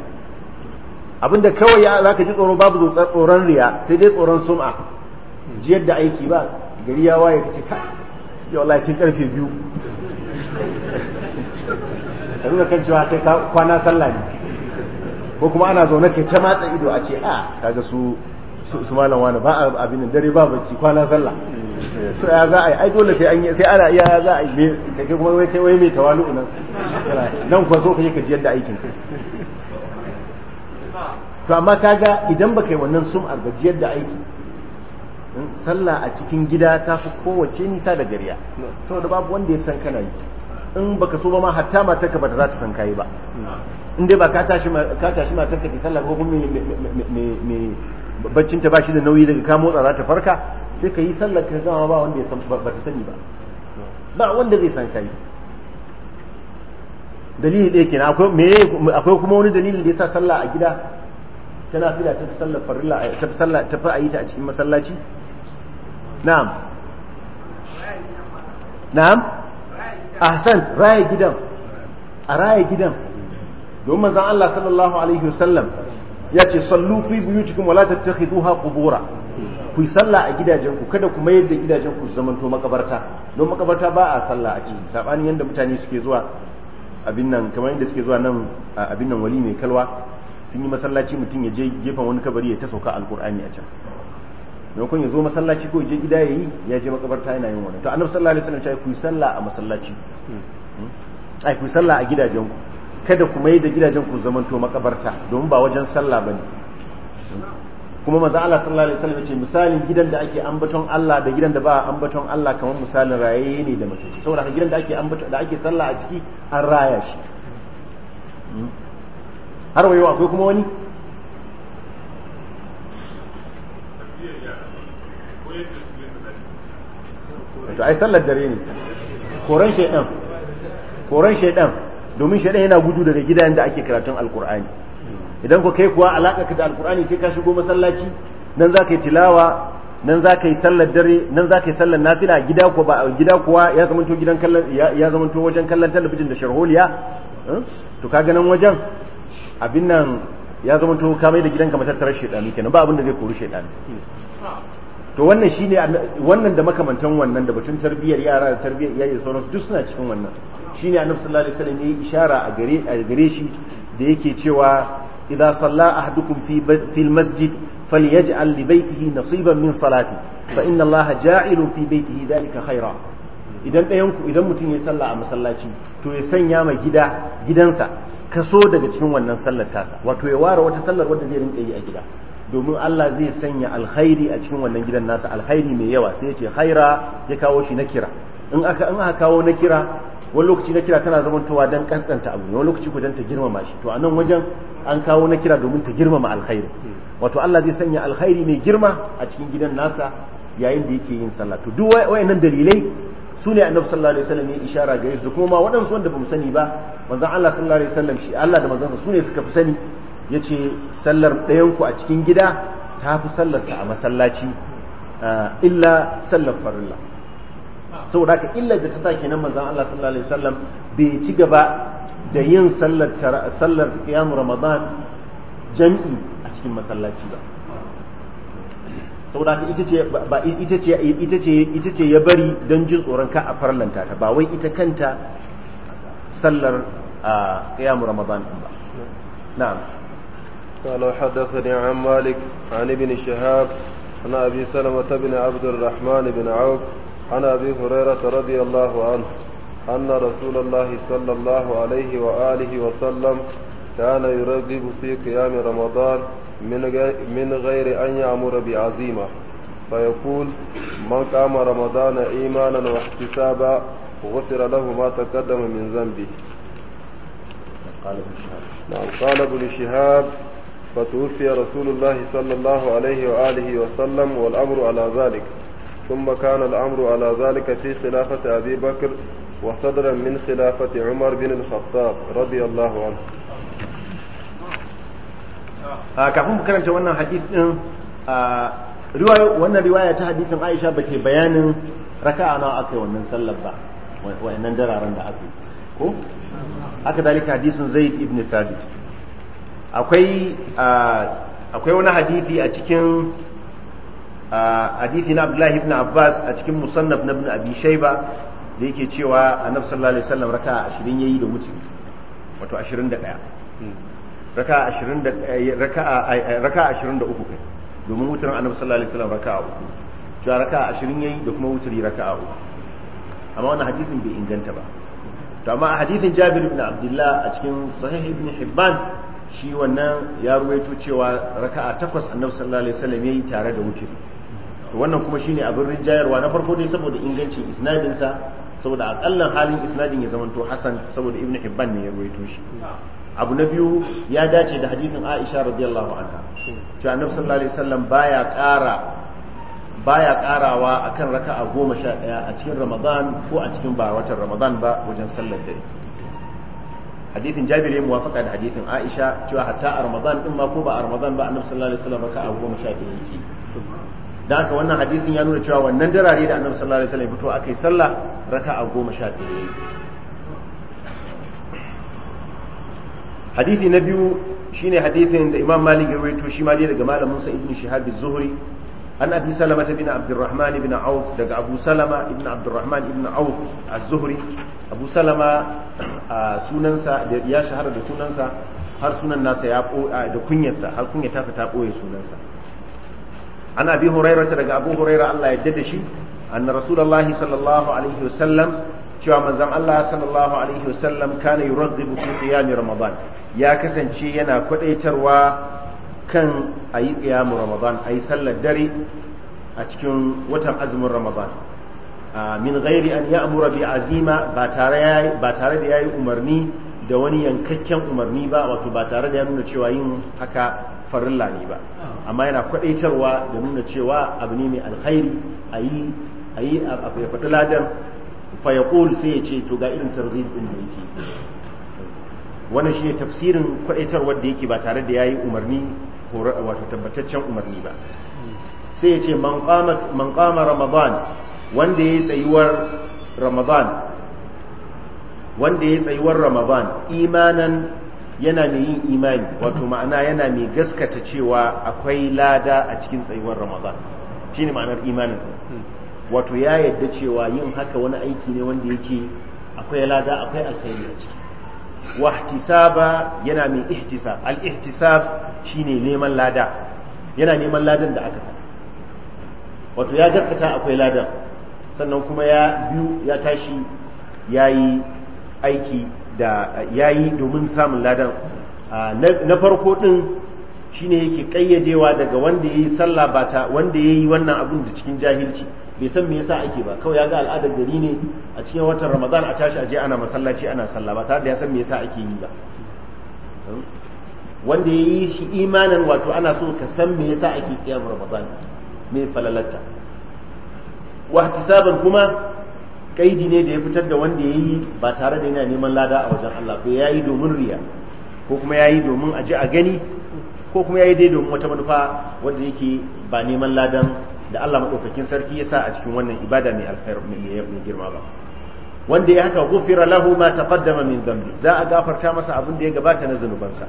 abinda kawai ya za ka ji tsoro babu tsoron riya sai dai tsoron sum'a jiyar da aiki ba gari ya waye ka ce ka yau lakin karfe biyu ka nuna kan cewa kai kwana sallah ne ko kuma ana zaune kai ta matsa ido a ce a ah, kaga su su malam wani ba abin dare ba bacci kwana sallah to ya za a yi ai dole sai an yi sai ana iya za a yi me kuma wai kai wai mai tawalu nan nan ko so kai ka ji yadda aikin to amma kaga idan baka yi wannan sum ba ji yadda aiki hmm, sallah a cikin gida ta fi kowace nisa da gariya saboda babu wanda ya san kana yi in baka so ba ma hatta matarka ba ta za ta san kayi ba in dai ba ka tashi ka tashi matarka ki sallah ko kuma me baccin ta shi da nauyi daga ka motsa za ta farka sai ka yi sallar ka zama ba wanda ya san ba ta sani ba ba wanda zai san kai dalili ɗaya kenan akwai me akwai kuma wani dalili da yasa sallah a gida tana fila ta sallar farilla ta sallah ta fa ayi ta a cikin masallaci na'am na'am ahsan raya gidan a raya gidan domin manzon Allah sallallahu alaihi wasallam ya ce sallu fi buyutikum wala tattakhiduha qubura ku kuyi sallah a gidajen ku kada ku mayar da gidajen ku zamanto makabarta don makabarta ba a sallah a ciki sabanin yanda mutane suke zuwa abin nan kamar yanda suke zuwa nan abin nan wali mai kalwa sun yi masallaci mutum ya je gefen wani kabari ya ta sauka alkur'ani a can maimakon ya zo masallaci ko je gida yayi ya je makabarta yana yin wani to annabi sallallahu alaihi wasallam ya ku sallah a masallaci hmm. Hmm? ai ku sallah a gidajen ku kada ku mai da gidajen ku to makabarta domin ba wajen sallah bane kuma manzo Allah sallallahu alaihi wasallam ya ce misalin gidan da ake ambaton Allah da gidan da ba ambaton Allah kamar misalin raye ne da mutunci saboda gidan da ake ambaton da ake sallah a ciki an raya shi hmm? har wayo akwai kuma wani to ai sallar dare ne koran shaidan koran shaidan domin shaidan yana gudu daga gidan da ake karatun alkur'ani idan ku kai kuwa alaka ka da alkur'ani sai ka shigo masallaci nan za ka yi tilawa nan za ka yi sallar dare nan za ka yi sallar nafila gida ko ba gida kuwa ya zamanto gidan kallon ya zamanto wajen kallon talabijin da sharholiya eh? to kaga nan wajen abin nan ya zamanto ka mai da gidanka matattarar shaidanu kenan ba abin da zai kori shaidanu to wannan shi ne wannan da makamantan wannan da batun tarbiyyar yara da tarbiyyar iyaye da sauransu duk suna cikin wannan shi ne annabi sallallahu alaihi wasallam ya yi ishara a gare a gare shi da yake cewa idza salla ahadukum fi fil masjid falyaj'al li baytihi nasiban min salati fa inna allaha ja'ilun fi baytihi dhalika khaira idan ɗayan idan mutum ya salla a masallaci to ya sanya ma gida gidansa kaso daga cikin wannan sallar tasa wato ya ware wata sallar wadda zai rinka a gida domin Allah zai sanya alkhairi a cikin wannan gidan nasa alkhairi mai yawa sai ya ce haira ya kawo shi na kira in aka in aka kawo na kira wani lokaci na kira tana tawa dan kantsanta abu ne wani lokaci ku dan ta girmama shi to a wajen an kawo na kira domin ta girmama alkhairi wato Allah zai sanya alkhairi mai girma a cikin gidan nasa yayin da yake yin sallah to duk wayannan dalilai su ne annabi sallallahu alaihi wasallam ya ishara ga su kuma ma waɗansu wanda bamu sani ba manzon Allah sallallahu alaihi wasallam shi Allah da manzon su ne suka fi sani ya ce sallar ɗayanku a cikin gida ta fi sallarsa a masallaci illa sallar farilla saboda haka illa da ta sa kenan manzon Allah sallallahu alaihi wasallam bai ci gaba da yin sallar sallar qiyam ramadan jam'i a cikin masallaci ba saboda da ita ce ba ita ce ita ce ita ce ya bari don jin tsoron ka a farlanta ta ba wai ita kanta sallar qiyam ramadan ba na'am قال حدثني عن مالك عن ابن شهاب عن أبي سلمة بن عبد الرحمن بن عوف عن أبي هريرة رضي الله عنه أن رسول الله صلى الله عليه وآله وسلم كان يرغب في قيام رمضان من غير أن يأمر بعزيمة فيقول من قام رمضان إيمانا واحتسابا غفر له ما تقدم من ذنبه قال ابن شهاب نعم قال ابن شهاب فتوفي رسول الله صلى الله عليه وآله وسلم والأمر على ذلك ثم كان الأمر على ذلك في خلافة أبي بكر وصدرا من خلافة عمر بن الخطاب رضي الله عنه kafin mu karanta wannan hadith din wannan riwaya ta hadithin Aisha bake bayanin raka'a nawa aka yi wannan sallar ba wa'annan dararen da aka ko haka ibn akwai akwai wani hadisi a cikin hadisi na Abdullahi ibn Abbas a cikin musannaf na Ibn Abi Shayba da yake cewa Annabi sallallahu alaihi wasallam raka 20 yayi da wuce wato 21 raka 20 raka raka 23 kai domin wutar Annabi sallallahu alaihi wasallam raka uku cewa raka 20 yayi da kuma wutari raka uku amma wannan hadisin bai inganta ba to amma a hadisin Jabir ibn Abdullah a cikin sahih ibn Hibban shi wannan ya ruwaito cewa raka'a takwas annabi sallallahu alaihi wasallam yayi tare da wuce. to wannan kuma shine abin rinjayarwa na farko dai saboda ingancin isnadin sa saboda akallan halin isnadin ya zamanto hasan saboda ibnu hibban ne ya ruwaito shi abu na biyu ya dace da hadisin aisha radiyallahu anha cewa annabi sallallahu alaihi wasallam baya ƙara baya ƙarawa akan raka'a goma sha ɗaya a cikin ramadan ko a cikin ba watan ramadan ba wajen sallar dare hadithin jabir ya muwafaka da hadithin aisha cewa hatta a ramadan din ma ko ba a ramadan ba annabi sallallahu alaihi ka a goma sha biyu yake dan wannan hadisin ya nuna cewa wannan darare da annabi sallallahu alaihi wasallam ya fito akai sallah a goma sha biyu hadisi na biyu shine hadisin da imam malik ya rawaito shi ma dai daga malamin sa Ibn shihab az-zuhri an abi salama bin abdurrahman ibn auf daga abu salama ibn abdurrahman ibn auf az-zuhri abu salama sunansa ya shahara da sunansa har sunan nasa ya da kunyarsa har kunyar ta boye sunansa an abi hurairata daga abu huraira Allah ya da shi anna rasulullahi sallallahu alaihi wasallam cewa manzon Allah sallallahu alaihi wasallam kana yurghibu fi qiyam ramadan ya kasance yana kwadaitarwa kan a yi ƙiyamu ramadan a yi sallar dare a cikin watan azumin ramadan a min gairi an ya amura bi azima ba tare da ya yi umarni da wani yankakken umarni ba wato ba tare da ya nuna cewa yin haka farin ne ba amma yana kwadaitarwa da nuna cewa abu ne mai alkhairi a yi a yi a faɗi ladan fa sai ya ce to ga irin tarzid ɗin da yake wannan shine tafsirin kwadaitarwar da yake ba tare da ya yi umarni wato tabbataccen umarni ba sai ya ce man kama ramadan wanda ya tsayuwar ramadan wanda ya tsayuwar ramadan imanan yana mai yin imani wato ma'ana yana mai gaskata cewa akwai lada a cikin tsayuwar ramadan shine ma'anar imanin wato ya yadda cewa yin haka wani aiki ne wanda yake akwai lada akwai alkhairi a ciki wahtisaba yana mai ihtisab al neman neman da aka wato ya gaskata akwai ladan sannan kuma ya biyu ya tashi yayi aiki da yayi domin samun ladan na farko din shine yake kayyadewa daga wanda yayi sallah ba ta wanda yayi wannan abun da cikin jahilci bai san me yasa ake ba kawai ya ga al'adar gari ne a cikin watan ramadan a tashi aje ana masallaci ana sallah ba tare da ya san me yasa ake yi ba wanda ya yi shi imanin wato ana so ka san me yasa ake kiyam ramadan me falalata wa hisaban kuma kaidi ne da ya fitar da wanda ya yi ba tare da yana neman lada a wajen Allah ko ya yi domin riya ko kuma ya yi domin aje a gani ko kuma ya yi dai domin wata manufa wanda yake ba neman ladan da Allah madaukakin sarki ya sa a cikin wannan ibada mai alkhair mai girma ba wanda ya haka gufira lahu ma taqaddama min dhanbi za a gafarta masa abin da ya gabata na zanubansa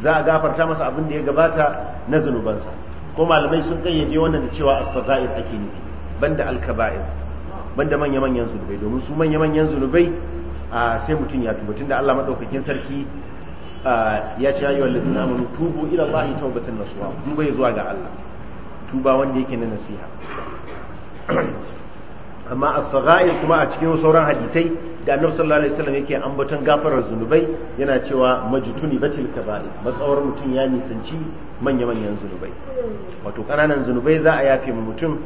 za a gafarta masa abin da ya gabata na zanubansa ko malamai sun kayyade wannan da cewa as-sagair ake nufi banda al-kaba'ir banda manya manyan zunubai domin su manya manyan zunubai sai mutum ya tuba tunda Allah madaukakin sarki ya ce ayyuhal ladina amanu tubu ila Allah tawbatan nasuha bai zuwa ga Allah tuba wanda yake na nasiha amma as-sagha'ir kuma a cikin sauran hadisai da annabi sallallahu alaihi wasallam yake ambaton gafarar zunubai yana cewa majtuni batil kaba'ir matsawar mutum ya nisanci manya-manyan zunubai wato kananan zunubai za a yafe mutum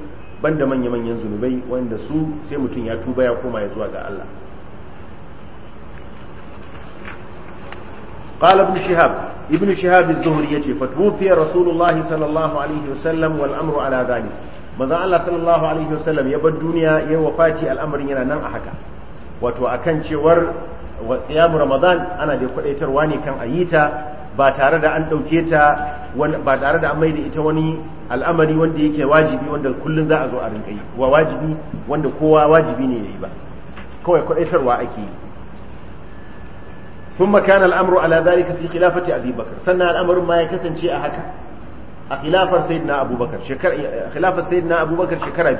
banda manya-manyan zunubai wanda su sai mutum ya tuba ya koma ya zuwa ga Allah قال ابن شهاب ابن شهاب الزهري يجي فتوفي رسول الله صلى الله عليه وسلم والأمر على ذلك ماذا الله صلى الله عليه وسلم يبا الدنيا يوفاتي الأمر ينا نم أحكا وتو أكن شور وقيام رمضان أنا دي قلت رواني كان أيتا ba tare da an ɗauke ta ba tare da an maida ita wani al'amari wanda yake wajibi wanda kullum za a zo a rinka yi wa wajibi wanda kowa wajibi ne ya yi ba kawai kwaɗaitarwa ake yi ثم كان الأمر على ذلك في خلافة أبي بكر سنة الأمر ما يكسن شيء هكا خلافة سيدنا أبو بكر شكر خلافة سيدنا أبو بكر شكر أبي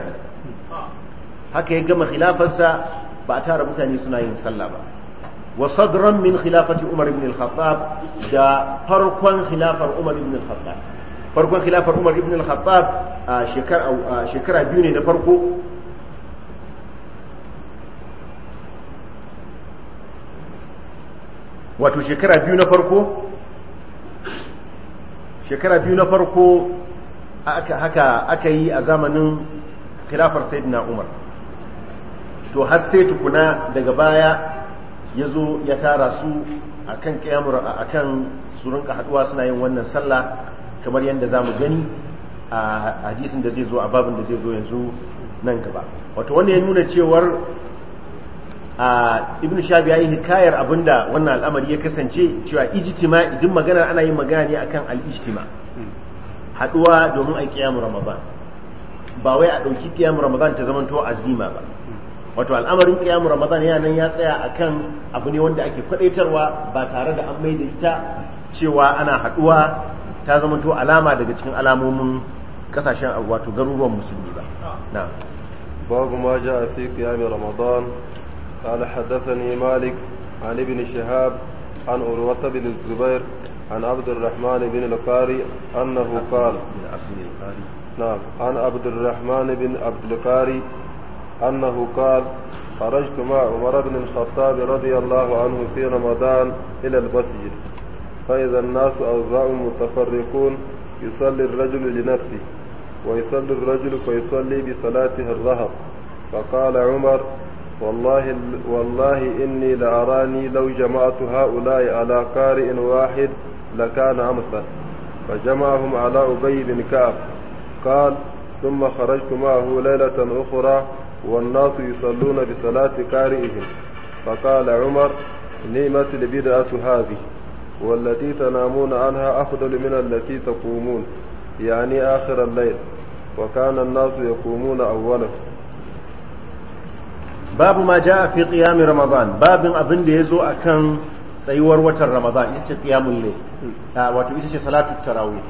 هكا يقام خلافة بأتار مثاني سنين صلى وصدرا من خلافة عمر بن الخطاب جاء فرقا خلافة عمر بن الخطاب farkon khilafar umar ibn al-khattab a shekara biyu ne na farko wato shekara biyu na farko shekara biyu na farko aka haka aka yi a zamanin khilafar sayyidina umar to har sai tukuna daga baya ya zo ya tara su a kan kiyamur a kan haduwa suna yin wannan sallah kamar yadda za mu gani a hadisin da zai zo a babin da zai zo yanzu nan gaba wato wannan ya nuna cewar a ibn shabi ya yi hikayar abinda wannan al'amari ya kasance cewa ijtima idan magana ana yin magana ne akan al-ijtima haduwa domin a kiyamu ramadan ba wai a dauki kiyamu ramadan ta zamanto azima ba wato al'amarin kiyamu ramadan yana nan ya tsaya akan abu ne wanda ake kwadaitarwa ba tare da an da ita cewa ana haduwa ta zamanto alama daga cikin alamomin kasashen wato garuruwan musulmi ba na babu ma ja fi kiyamu ramadan قال حدثني مالك عن ابن شهاب عن أروة بن الزبير عن عبد الرحمن بن القاري أنه قال نعم عن عبد الرحمن بن عبد القاري أنه قال خرجت مع عمر بن الخطاب رضي الله عنه في رمضان إلى المسجد فإذا الناس أوزاع متفرقون يصلي الرجل لنفسه ويصلي الرجل فيصلي بصلاته الرهب فقال عمر والله والله إني لأراني لو جمعت هؤلاء على قارئ واحد لكان أمثل فجمعهم على أبي بن كعب قال ثم خرجت معه ليلة أخرى والناس يصلون بصلاة قارئهم فقال عمر نيمت البدعة هذه والتي تنامون عنها أفضل من التي تقومون يعني آخر الليل وكان الناس يقومون أوله babu ma ja fi qiyami ramadan babin abin da yazo akan tsayuwar watan ramadan ita ce qiyamul layl wato ita ce salatu tarawih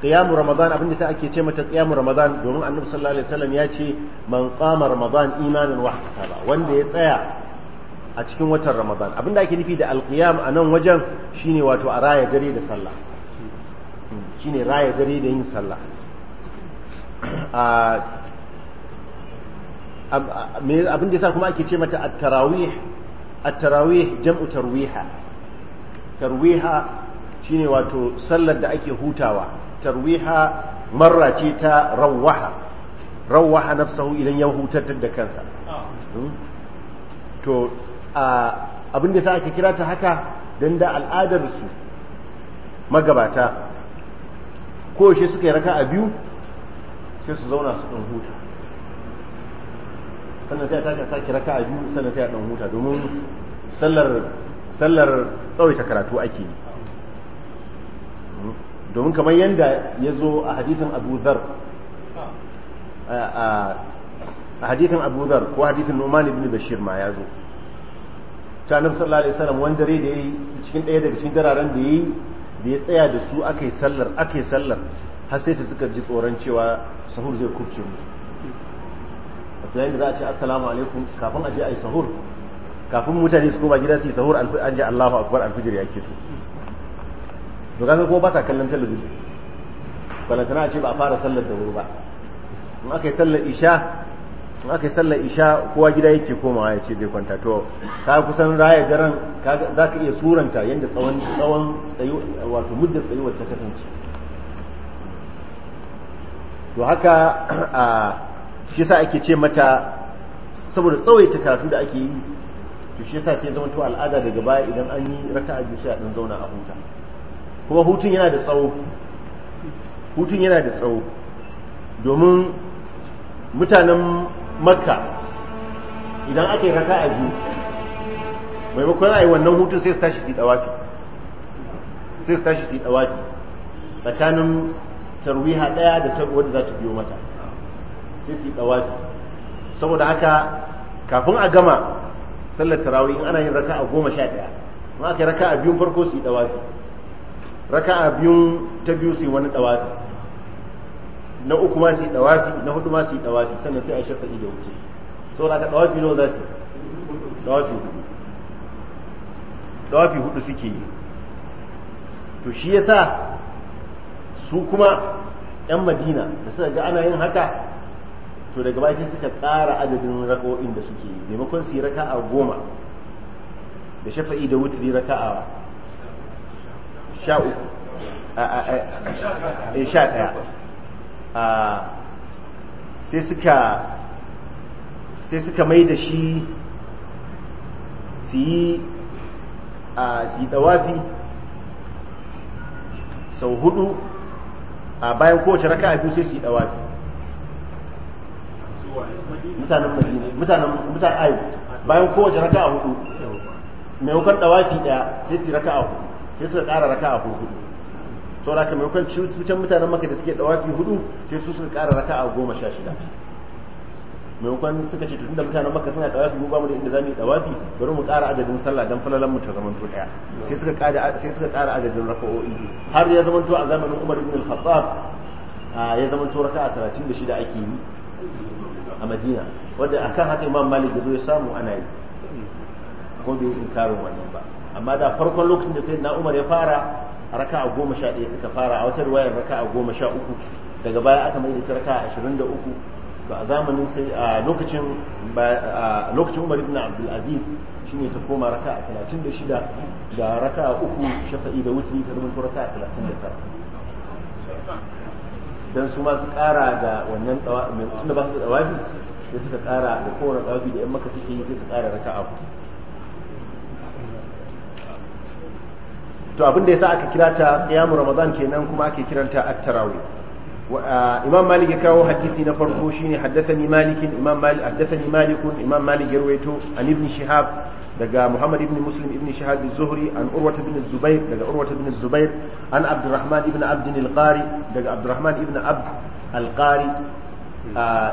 qiyamu ramadan abin da ake ce mata qiyamu ramadan domin annabi sallallahu alaihi wasallam ya ce man qama ramadan imanan wa ihtisaba wanda ya tsaya a cikin watan ramadan abin da ake nufi da al alqiyam a nan wajen shine wato a raya gare da sallah shine raya gare da yin sallah abin da yasa kuma ake ce mata at-tarawih at-tarawih jam'u tarwiha tarwiha shine wato sallar da ake hutawa tarwiha marra ce ta rawaha rawaha nafsahu idan ya hutar da kansa hmm? to abin da yasa ake kira ta haka dan da al'adar magabata ko shi suka yi raka'a biyu sai su zauna su dan huta sannan sai a ka a raka a biyu sannan sai a dan huta domin sallar sallar tsawaita karatu ake yi domin kamar yadda ya zo a hadisin abu zar a hadisin abu zar ko hadisin numan ibn bashir ma ya zo ta annabi sallallahu alaihi wasallam wani dare da yayi cikin daya daga cikin dararen da yayi da ya tsaya da su akai sallar akai sallar har sai ta suka ji tsoron cewa sahur zai kurce musu yayin da za a ce assalamu alaikum kafin a je a yi sahur kafin mutane su koma gida su yi sahur an ji Allahu akbar alfijir ya keto to kaga ko ba sa kallon talabijin balantana a ce ba a fara sallar da wuri ba in aka yi sallar isha in aka yi sallar isha kowa gida yake komawa ya ce zai kwanta to ka kusan raya daren za ka iya suranta yadda tsawon tsawon wato muddin tsayuwar ta kasance to haka a ah, shi yasa ake ce mata saboda ta karatu da ake yi to shi yasa sai zama to al'ada daga baya idan an yi raka'a biyu sai a dan zauna a huta kuma hutun yana da tsawo hutun yana da tsawo domin mutanen makka idan ake raka a biyu maimakon a yi wannan hutun sai su tashi su yi dawaki sai su tashi su yi dawaki tsakanin tarwiha daya da wadda za ta biyo mata sai su yi dawafi saboda haka kafin a gama sallar tarawih in ana yin a goma sha ɗaya ma aka yi a biyun farko su yi raka a biyun ta biyu su yi wani dawafi na uku ma su yi dawafi na hudu ma su yi dawafi sannan sai a shafa'i da wuce saboda haka dawafi nawa za su yi hudu dawafi hudu suke yi to shi yasa su kuma 'yan madina da suka ga ana yin haka to daga baya suka tsara adadin raka'o'in da suke yi maimakon su yi raka'a goma da shafa'i da wutri raka'a sha uku a sha ɗaya sai suka sai suka mai da shi su yi a su yi ɗawafi sau hudu a bayan kowace raka'a biyu sai su yi ɗawafi mutanen madina mutanen mutanen ayi bayan kowace raka'a hudu maimakon dawaki daya sai su a hudu sai suka ƙara a hudu da haka maimakon cutan mutanen maka da suke dawafi hudu sai su suka ƙara a goma sha shida Mai maimakon suka ce tunda mutanen maka suna dawafi mu ba mu da inda zamu yi dawafi bari mu ƙara adadin sallah dan falalan mu ta to daya sai suka ƙara sai suka ƙara adadin raka'o'i har ya to a zamanin Umar ibn al-Khattab ya zamanto raka'a 36 ake yi a madina wanda kan haka imam malik zo ya samu ana yi ko bai inkarin wannan ba amma da farkon lokacin da sai na umar ya fara raka a goma sha ɗaya suka fara a wata raka a goma sha uku daga baya aka mai da a ashirin da uku to a zamanin sai a lokacin lokacin umar ibn abdul aziz ne ta koma a talatin da shida da a uku shafa'i da wuti ta zama raka a talatin da tara dan su ma su kara da wannan tun da ba su da dawabi sai suka kara da kowane dawabi da yan maka suke yi sai su kara raka abu to abin da yasa aka kira ta qiyamu ramadan kenan kuma ake kiranta at-tarawih imam malik ya kawo hadisi na farko shine haddathani malik imam malik haddathani malik imam malik ya an ibn shihab daga Muhammad ibn Muslim ibn Shahab az-Zuhri an Urwa ibn Zubair daga Urwa ibn Zubair an Abdurrahman ibn Abd al-Qari daga Abdurrahman ibn Abd al-Qari ah,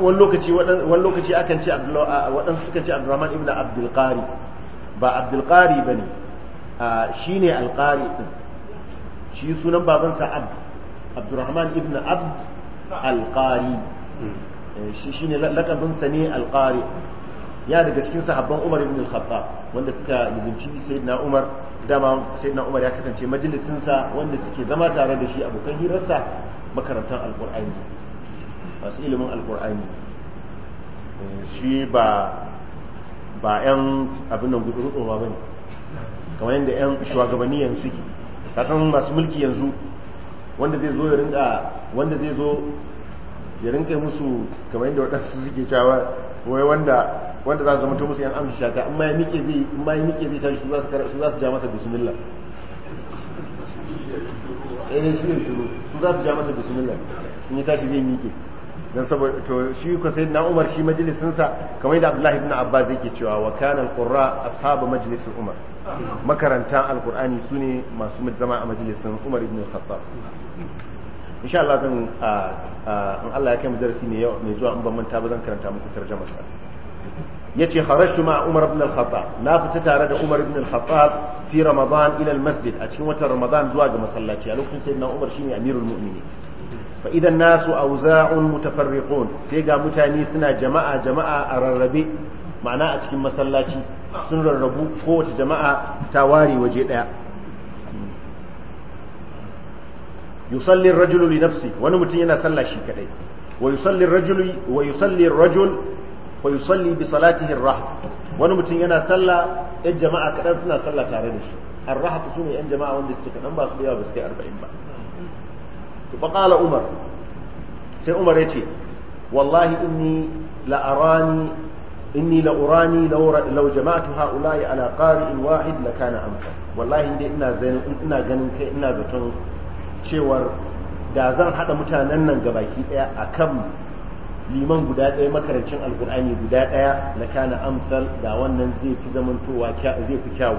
wani lokaci wani lokaci akan ce ah, waɗansu suka ce Abdurrahman ibn Abd al-Qari ba Abd al-Qari bane ah, shine al-Qari din shi sunan babansa Abd Abdurrahman ibn Abd al-Qari hmm. eh, shi shine lakabinsa ne al-Qari ya daga cikin sahabban Umar ibn al-Khattab wanda suka lizinci sayyidina Umar dama sayyidina Umar ya kasance majalisin sa wanda suke zama tare da shi abokan hirarsa makarantar alqur'ani masu ilimin alqur'ani shi ba ba yan abin nan gudu rudowa bane kamar yadda yan shugabanni yanzu suke kasan masu mulki yanzu wanda zai zo ya rinka wanda zai zo ya rinka musu kamar yadda waɗansu suke cewa wai wanda wanda za su zama musu yan amshi shata amma ya miƙe zai amma ya mike zai tashi su za su ja masa bismillah eh ne shirin shiru su za su ja masa bismillah in ya tashi zai miƙe. dan saboda to shi ko sai na Umar shi majalisin sa kamar yadda Abdullah ibn Abbas yake cewa wa kana al-qurra ashabu majlisin Umar makarantan al-Qur'ani sune masu zama a majalisin Umar ibn Khattab insha Allah zan in Allah ya kai mu darasi ne yau mai zuwa in ban manta ba zan karanta muku tarjumar sa yace kharajtu ma Umar ibn al-Khattab na fita tare da Umar ibn al-Khattab fi Ramadan ila al-masjid a cikin watan Ramadan zuwa ga masallaci a lokacin sayyidina Umar shine amirul mu'minin fa idan nasu auza'un mutafarriqun sai ga mutane suna jama'a jama'a a rarrabe ma'ana a cikin masallaci sun rarrabu kowace jama'a ta ware waje daya yusalli ar-rajulu li nafsi wani mutum yana sallah shi kadai wa yusalli ar-rajulu wa yusalli ar-rajul wa yusalli bi salatihi ar-rahb wani mutum yana sallah ɗan jama'a kadan suna sallah tare da shi ar-rahb sune yan jama'a wanda suke kadan ba su da yawa ba su kai 40 ba to fa qala umar sai umar yace wallahi inni la arani inni la urani law jama'tu ha'ula'i ala qari'in wahid lakana amsa, wallahi dai ina ganin kai ina zaton cewar da zan haɗa mutanen nan gabaki ɗaya a kan liman guda ɗaya makarancin alkur'ani guda ɗaya na kana amsal da wannan zai fi zamantowa zai fi kyawu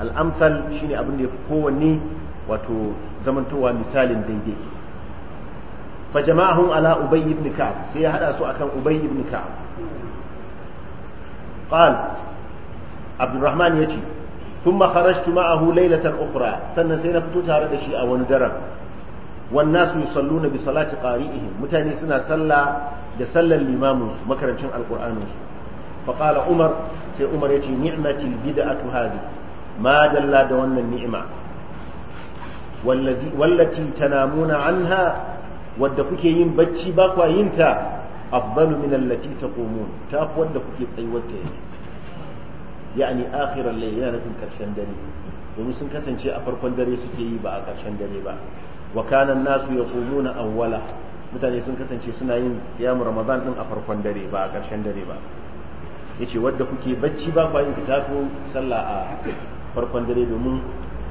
al'amsal shine abin da ya fi kowanne wato zamantowa misalin daidai fa jama'ahum ala ubay ibn ka'ab sai ya hada su akan ubay ibn ka'ab qal abdurrahman yace thumma kharajtu ma'ahu laylatan ukhra sannan sai na fito tare da shi a wani daren wan nasu yusalluna bi salati qari'ihim mutane suna sallah da sallar limamin su makarancin alqur'anin su fa umar sai umar yace ni'matil bid'atu hadi ma dalla da wannan ni'ima wallazi wallati tanamuna anha wadda kuke yin bacci ba kwa yin ta afdalu min allati taqumun ta wadda kuke tsayuwarta ta yake yani akhirar layl yana nufin karshen dare domin sun kasance a farkon dare suke yi ba a karshen dare ba wa kana nasu yaqumuna awwala mutane sun kasance suna yin qiyamul ramadan din a farkon dare ba a karshen dare ba yace wadda kuke bacci ba ku yin tafi sallah a farkon dare domin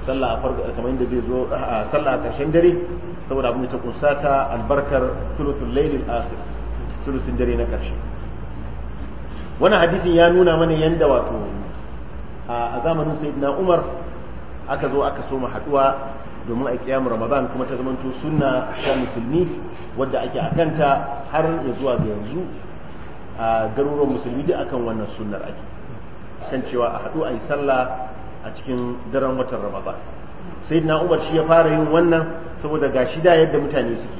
sallah a farko kamar yadda zai zo a sallah a karshen dare saboda abin da ta kunsata albarkar thuluthul layl al-akhir thuluthin dare na karshe wannan hadisin ya nuna mana yanda wato a zamanin sayyidina umar aka zo aka soma haduwa domin a kiyamu ramadan kuma ta zamanto sunna ta musulmi wadda ake akanta har ya zuwa ga yanzu a garuruwan musulmi duk akan wannan sunnar ake kan cewa a haɗu a yi sallah a cikin daren watan ramadan sayyidina umar shi ya fara yin wannan saboda ga shi da yadda mutane suke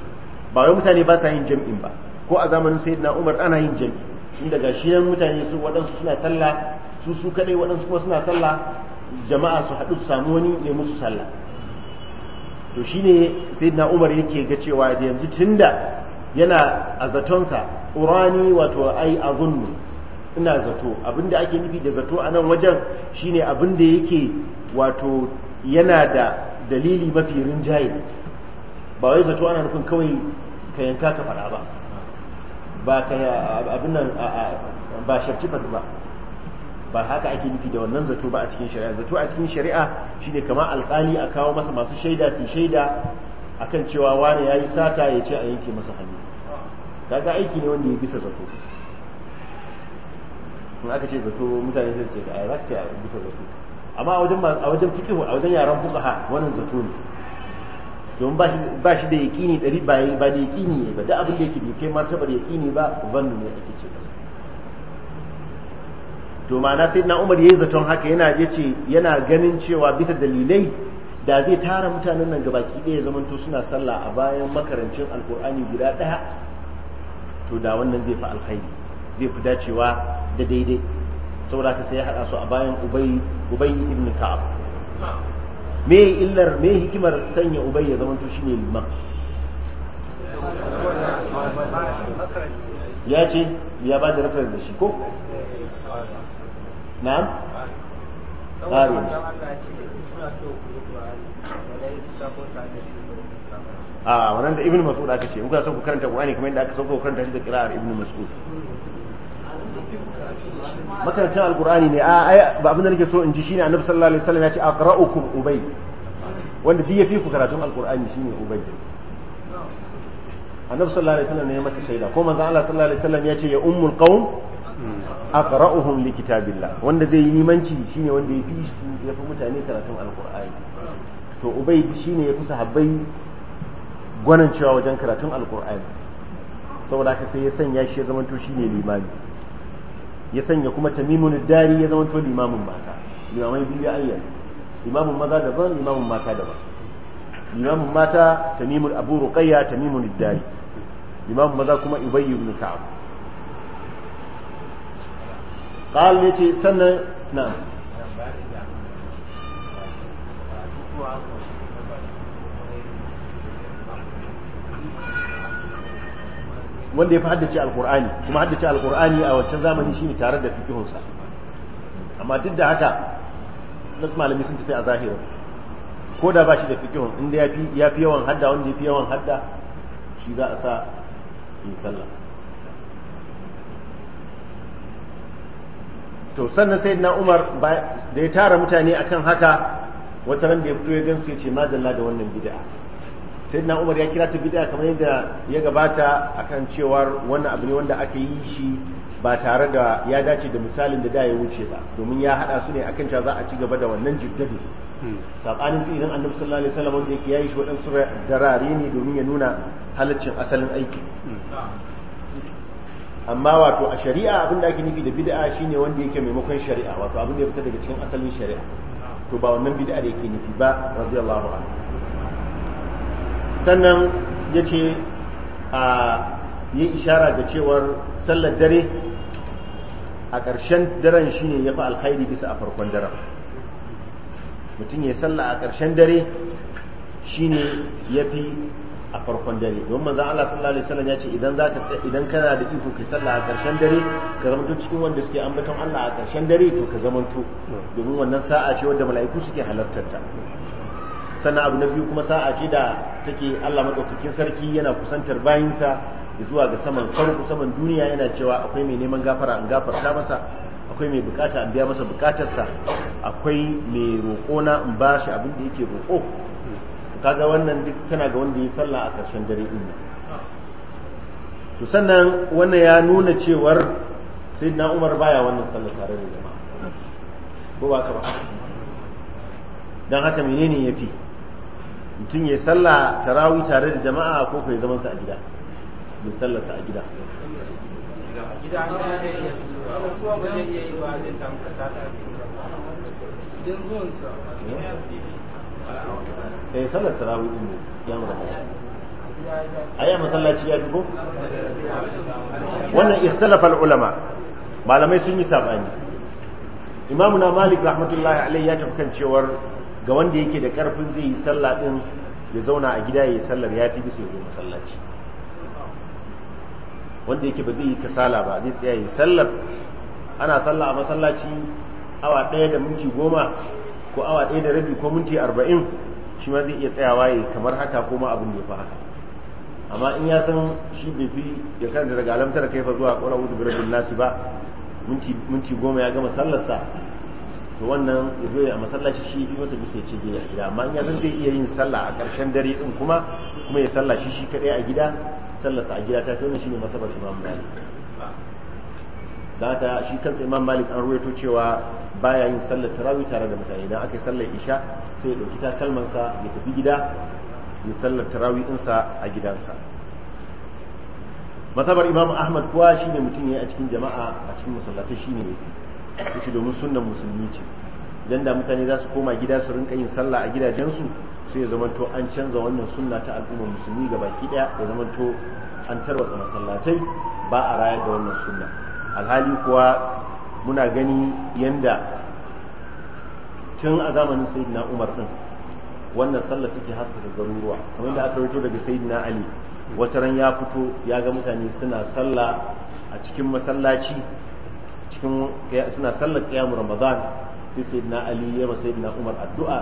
ba wai mutane ba sa yin jam'in ba ko a zamanin sayyidina umar ana yin jam'i inda ga shi mutane su waɗansu suna sallah su su kadai waɗansu kuma suna sallah jama'a su haɗu su samu wani ne musu sallah to shine sai na Umar yake ga cewa yanzu tunda yana a zatonsa urani wato ai ina zato abinda ake nufi da zato a nan wajen shine abinda yake wato yana da dalili mafi rinjaye ba wai zato ana nufin kawai ka yanka ka faɗa ba ba ka abin nan ba ba ba haka ake nufi da wannan zato ba a cikin shari'a zato a cikin shari'a shine kamar alƙali a kawo masa masu shaida su shaida akan cewa wani yayi sata ya ce a yanke masa hannu kaga aiki ne wanda ya bisa zato in aka ce zato mutane sai ce da za ka ce a bisa zato amma a wajen a wajen fiqh a wajen yaran fuqaha wannan zato ne don ba shi da yaqini dari ba ba da yaqini ba da abin da yake bai kai martabar yaqini ba zannu ne ake cewa to ma'ana sai na umar yi zaton haka yana yace yana ganin cewa bisa dalilai da zai tara mutanen nan gabaki ɗaya to suna sallah a bayan makarancin alkur'ani guda ɗaya to da wannan zai fi alkhairi zai fi dacewa da daidai saboda ka sai ya haɗa su a bayan ubai ibn ka'ab me illar me hikimar sanya ubai ya to shine liman ya ce ya ba da rafin da shi ko na'am tsari a wannan da ibn mas'ud aka ce in kuna son ku karanta qur'ani kamar yadda aka sauka ku karanta shi da ibn mas'ud makarantar alqur'ani ne a ba abin da nake so in ji shine annabi sallallahu alaihi wasallam ya ce aqra'ukum ubay wanda duk yafi ku karatun alqur'ani shine ubay annabi sallallahu alaihi wasallam ne ya masa shaida ko manzon Allah sallallahu ya ce ya aqra'uhum li kitabillah wanda zai yi nimanci shine wanda ya fi ya fi mutane karatun alqur'ani to ubayd shine ya sahabbai gwanin cewa wajen karatun alqur'ani saboda haka sai ya sanya shi ya zamanto shine limami ya sanya kuma tamimun dari ya zamanto limamin mata limamai biyu ya ayyana limamin maza daban limamin mata daban limamin mata tamimun abu ruqayya tamimun dari limamin maza kuma ubayd ibn ka'ab qal yace sannan نعم wanda ya fi haddace alkur'ani kuma haddace alkur'ani a wancan zamani shine tare da fikihunsa amma duk da haka nasu malami sun tafi a zahirin ko da ba shi da fikihun inda ya fi yawan hadda wanda ya fi yawan hadda shi za a sa yin sallah to sannan sai na umar da ya tara mutane akan haka wata randa ya fito ya gamsu ya ce madalla da wannan bid'a sai na umar ya kira ta bid'a kamar yadda ya gabata akan cewar wannan abu ne wanda aka yi shi ba tare da ya dace da misalin da da ya wuce ba domin ya haɗa su ne akan cewa za a ci gaba da wannan jiddadi hmm. sabanin fi idan annabi sallallahu alaihi wasallam wanda yake yayi shi wadansu darari ne domin ya nuna halaccin asalin aiki hmm. amma wato a shari'a abin da ake nufi da bid'a shine wanda yake maimakon shari'a wato abin da ya fita daga cikin asalin shari'a to ba wannan bid'a da yake nufi ba radiyallahu anhu sannan yace a yi ishara da cewar sallar dare a ƙarshen daren shine ya fi alkhairi bisa a farkon daren mutum ya salla a ƙarshen dare shine ya fi a farkon dare don manzan Allah sallallahu alaihi wasallam ya ce idan zaka idan kana da iko ka sallah a ƙarshen dare ka zamanto cikin wanda suke ambaton Allah a karshen dare to ka zamanto domin wannan sa'a ce wanda mala'iku suke halartar ta sannan abu na biyu kuma sa'a ce da take Allah madaukakin sarki yana kusantar bayinsa zuwa ga saman farko saman duniya yana cewa akwai mai neman gafara an gafarta masa akwai mai bukata an biya masa bukatarsa akwai mai roƙo na in ba shi abin da yake roƙo kaga wannan duk tana ga wanda ya sallah a ƙarshen dare din nan to sannan wannan ya nuna cewar sayyidina Umar baya wannan sallah tare da jama'a ko ba ka ba dan haka menene yafi mutum ya sallah tarawih tare da jama'a ko ko ya zaman sa a gida ya sallar sa a gida Eh, sallar wannan ulama malamai sun yi sabani na malik rahmatullahi alaihi ya tafi kan cewar ga wanda yake da karfin zai yi sallah din ya zauna a gida ya yi sallar ya fi bisa ya masallaci wanda yake ba zai yi kasala ba zai tsaya ya yi sallar ana sallah a masallaci awa ɗaya da minti goma ko awa ɗaya da rabi ko minti arba'in shi ma zai iya tsayawa ya kamar haka ko ma abin da ya fi haka amma in ya san shi bai fi ya karanta daga alamtar kai fa zuwa ƙwara wuzu birabin nasi ba minti goma ya gama sallarsa to wannan ya zo a masallaci shi yi masa bisa ce gina gida amma in ya san zai iya yin sallah a ƙarshen dare ɗin kuma kuma ya sallah shi shi kaɗai a gida sallarsa a gida ta tona shi ne masabar imam malik ta shi kansa imam malik an ruwaito cewa baya yin sallar tarawih tare da mutane idan aka yi sallar isha sai ya takalman sa ya tafi gida ya sallar tarawih ɗinsa a gidansa matabar imam ahmad kuwa shine mutum ya a cikin jama'a a cikin masallatai shine yafi yace domin sunnan musulmi ce idan da mutane za su koma gida su rinka yin sallah a gidajen su sai ya zamanto an canza wannan sunna ta al'ummar musulmi ga baki daya ya zamanto an tarwatsa masallatai ba a rayar da wannan sunna alhali kuwa muna gani yanda tun a zamanin sayyidina umar din wannan sallar take haskaka garuruwa kamar yadda aka rito daga sayyidina ali wata ran ya fito ya ga mutane suna sallah a cikin masallaci cikin suna sallar qiyamul ramadan sai sayyidina ali ya ba sayyidina umar addu'a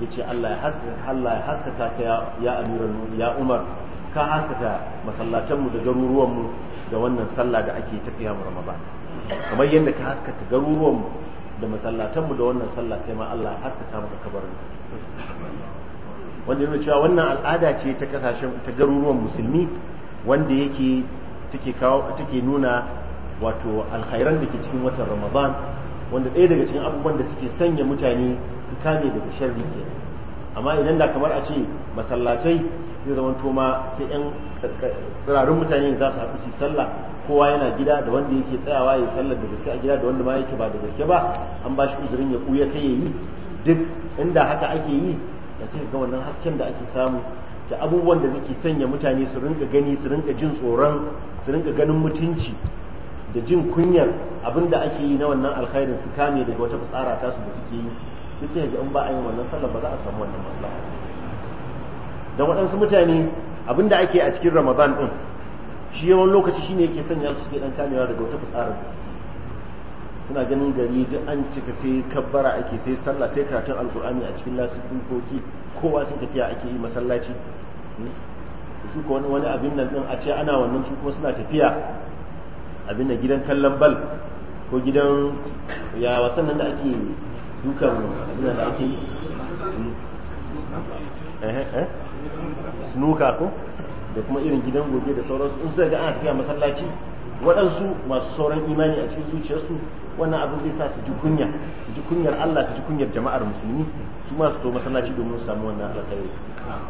yace Allah ya haskaka Allah ya haskaka ka ya ya amiran ya umar ka haskaka masallatan mu da garuruwan mu da wannan sallah da ake ta qiyamul ramadan kamar yadda ka haskata garuruwan da masallatanmu da wannan sallah kai ma Allah haskaka maka kabarin wanda yana cewa wannan al'ada ce ta kasashen ta garuruwan musulmi wanda yake take kawo take nuna wato alkhairan da ke cikin watan Ramadan wanda ɗaya daga cikin abubuwan da suke sanya mutane su kame daga sharri kenan amma idan da kamar a ce masallatai zai zama to ma sai yan tsirarun mutane za su haɗu su sallah kowa yana gida da wanda yake tsayawa ya sallar da gaske a gida da wanda ma yake ba da gaske ba an ba shi uzurin ya kuya ta yayi duk inda haka ake yi da sai ga wannan hasken da ake samu da abubuwan da suke sanya mutane su rinka gani su rinka jin tsoron su rinka ganin mutunci da jin kunyar abin da ake yi na wannan alkhairin su kame daga wata fasara tasu da suke yi shi sai ga in ba a yi wannan sallar ba za a samu wannan maslaha da waɗansu mutane abin da ake a cikin ramadan ɗin shi yawan lokaci shine yake sanya su suke ɗan kamewa daga wata fitsarin suna ganin gari duk an cika sai kabbara ake sai sallah sai karatun alkur'ani a cikin koki kowa sun tafiya ake yi masallaci su ko wani wani abin nan din a ce ana wannan su kuma suna tafiya abin da gidan kallon bal ko gidan ya wasan nan da ake dukan abin da ake eh, eh, eh. ko da kuma irin gidan gobe da sauransu in suka ga ana tafiya masallaci waɗansu masu sauran imani a cikin zuciyarsu wannan abin zai sa su ji kunya su ji kunyar Allah su ji kunyar jama'ar musulmi su ma su to masallaci domin su samu wannan alkhairi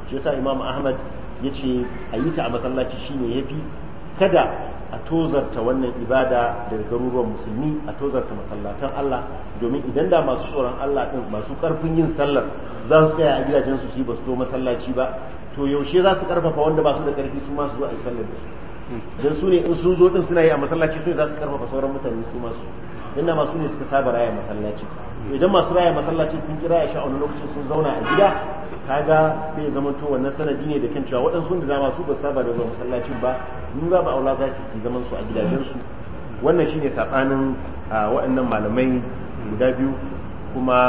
shi yasa Imam Ahmad yace a yi ta a masallaci shine yafi kada a tozarta wannan ibada da garuruwan musulmi a tozarta masallatan Allah domin idan da masu tsoron Allah din masu karfin yin sallar za su tsaya a gidajen su shi ba su to masallaci ba to yaushe za su karfafa wanda ba su da karfi su ma su a yi sallar da su dan su ne in sun zo din suna yi a masallaci su ne za su karfafa sauran mutane su ma su inda masu ne suka saba raya masallaci idan masu raya masallaci sun kira ya sha'awar lokacin sun zauna a gida kaga sai zama to wannan sanadi ne da kan cewa waɗansu da dama su ba saba da zuwa masallacin ba in za ba aula za su zaman su a gidajensu wannan shine sabanin waɗannan malamai guda biyu kuma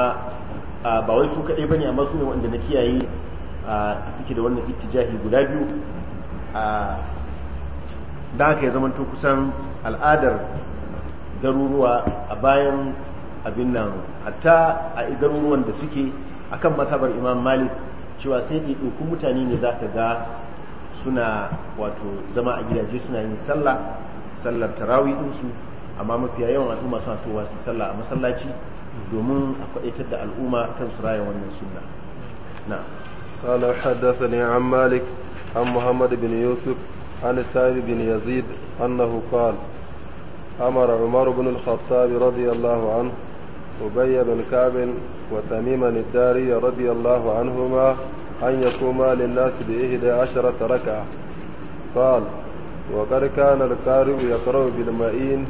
ba wai su kaɗai bane amma su ne wanda na kiyaye suke da wannan ittijahi guda biyu da haka ya zamanto kusan al'adar garuruwa a bayan abin nan hatta a garuruwan da suke akan matabar imam malik cewa sai ɗaiɗaikun mutane ne za ka ga suna wato zama a gidaje suna yin sallah sallar tarawih ɗinsu amma mafiya yawan al'umma suna towa su sallah a masallaci domin a kwaɗaitar da al'umma kan su raya wannan sunna na قال حدثني عن مالك عن محمد بن يوسف عن سعيد بن يزيد أنه قال أمر عمر بن الخطاب رضي الله عنه أبي بن كعب وتميم الداري رضي الله عنهما أن يقوم للناس بإحدى عشرة ركعة قال وقد كان القارئ يقرأ بالمئين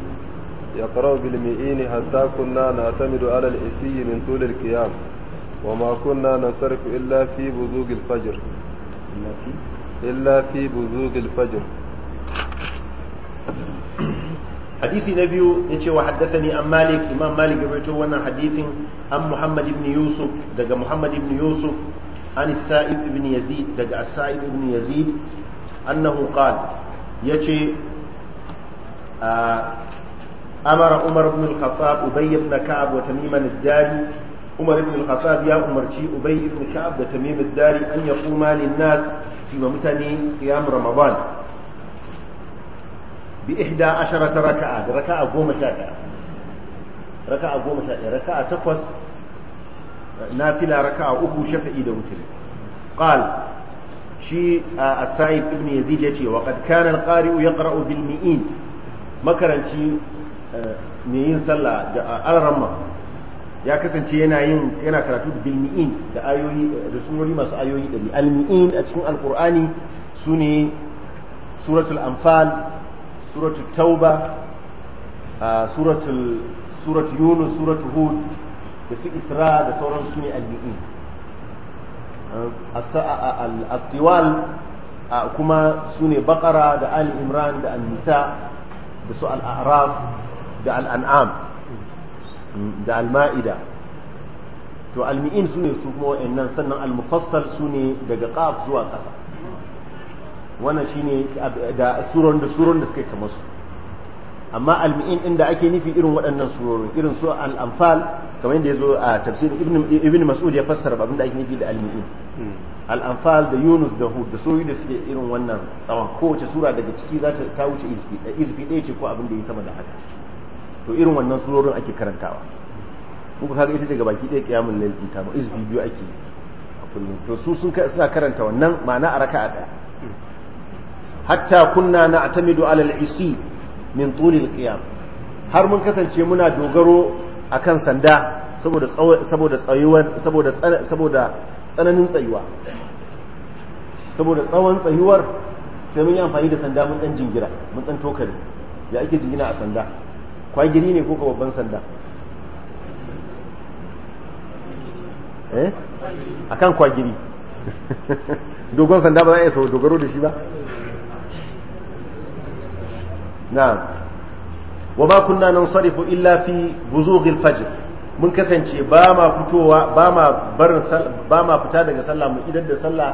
يقرأ بالمئين حتى كنا نعتمد على الإسي من طول القيام وما كنا ننصرف إلا في بزوغ الفجر إلا في بزوغ الفجر حديثي نبيو إن وحدثني عن مالك إمام مالك يبعتو وانا حديث عن محمد بن يوسف دقى محمد بن يوسف عن السائب بن يزيد دقى السائب بن يزيد أنه قال يجي آه، أمر عمر بن الخطاب أبي بن كعب وتميما الداري عمر بن الخطاب يا عمر جي أبي بن كعب وتميم الداري أن يقوما للناس في ممتني قيام رمضان بإحدى عشرة ركعة ركعة قوم شاكعة ركعة قوم شاكعة ركعة تقوس nafila raka'a uku shafa'i da mutum. qal shi a asayi ibn yazid yace wa qad kana al-qari'u yaqra'u bil mi'in makaranci ne eh, yin sallah da alramma ya kasance yana yin yana karatu da bilmi'in da ayoyi da surori masu ayoyi da almi'in a cikin alqur'ani sune suratul anfal suratul tauba suratul suratul yunus suratul hud da su isra da sauran su ne alli'in al-tiwal kuma su ne bakara da ali imran da al annisa da su al-araf da al-an'am da al-ma'ida to almi'in su ne su kuma wa'annan sannan al-mufassal su ne daga qaf zuwa ƙasa wannan shine da suron da suron da suke kamar su amma almi'in inda ake nufi irin waɗannan surorin irin su al-anfal kamar yadda yazo a tafsir ibn ibn mas'ud ya fassara abin da ake nufi da almi'in hmm. al-anfal da yunus da hud da soyi da suke irin wannan tsawon kowace sura daga ciki za ta wuce izfi izfi ɗaya ce ko abin da ya sama da haka to irin wannan surorin ake karantawa kuka kaga ita ce gabaki ɗaya kiyamul layl ta mu izfi biyu ake a kullum to su sun suna karanta wannan ma'ana a raka'a ɗaya hmm. hatta kunna na'tamidu alal isi min tulil qiyam har mun kasance muna dogaro akan sanda saboda saboda tsayuwa saboda saboda tsananin tsayuwa saboda tsawon tsayuwar sai mun yi amfani da sanda mun dan jingira mun dan tokari ya ake jingina a sanda kwagiri ne ko ka babban sanda eh akan kwagiri [LAUGHS] dogon sanda ba za a iya dogaro da shi ba na'am wa ma kunna nansarifu illa fi buzughil fajr mun kasance ba ma fitowa ba ma barin ba ma fita daga sallah mu idan da sallah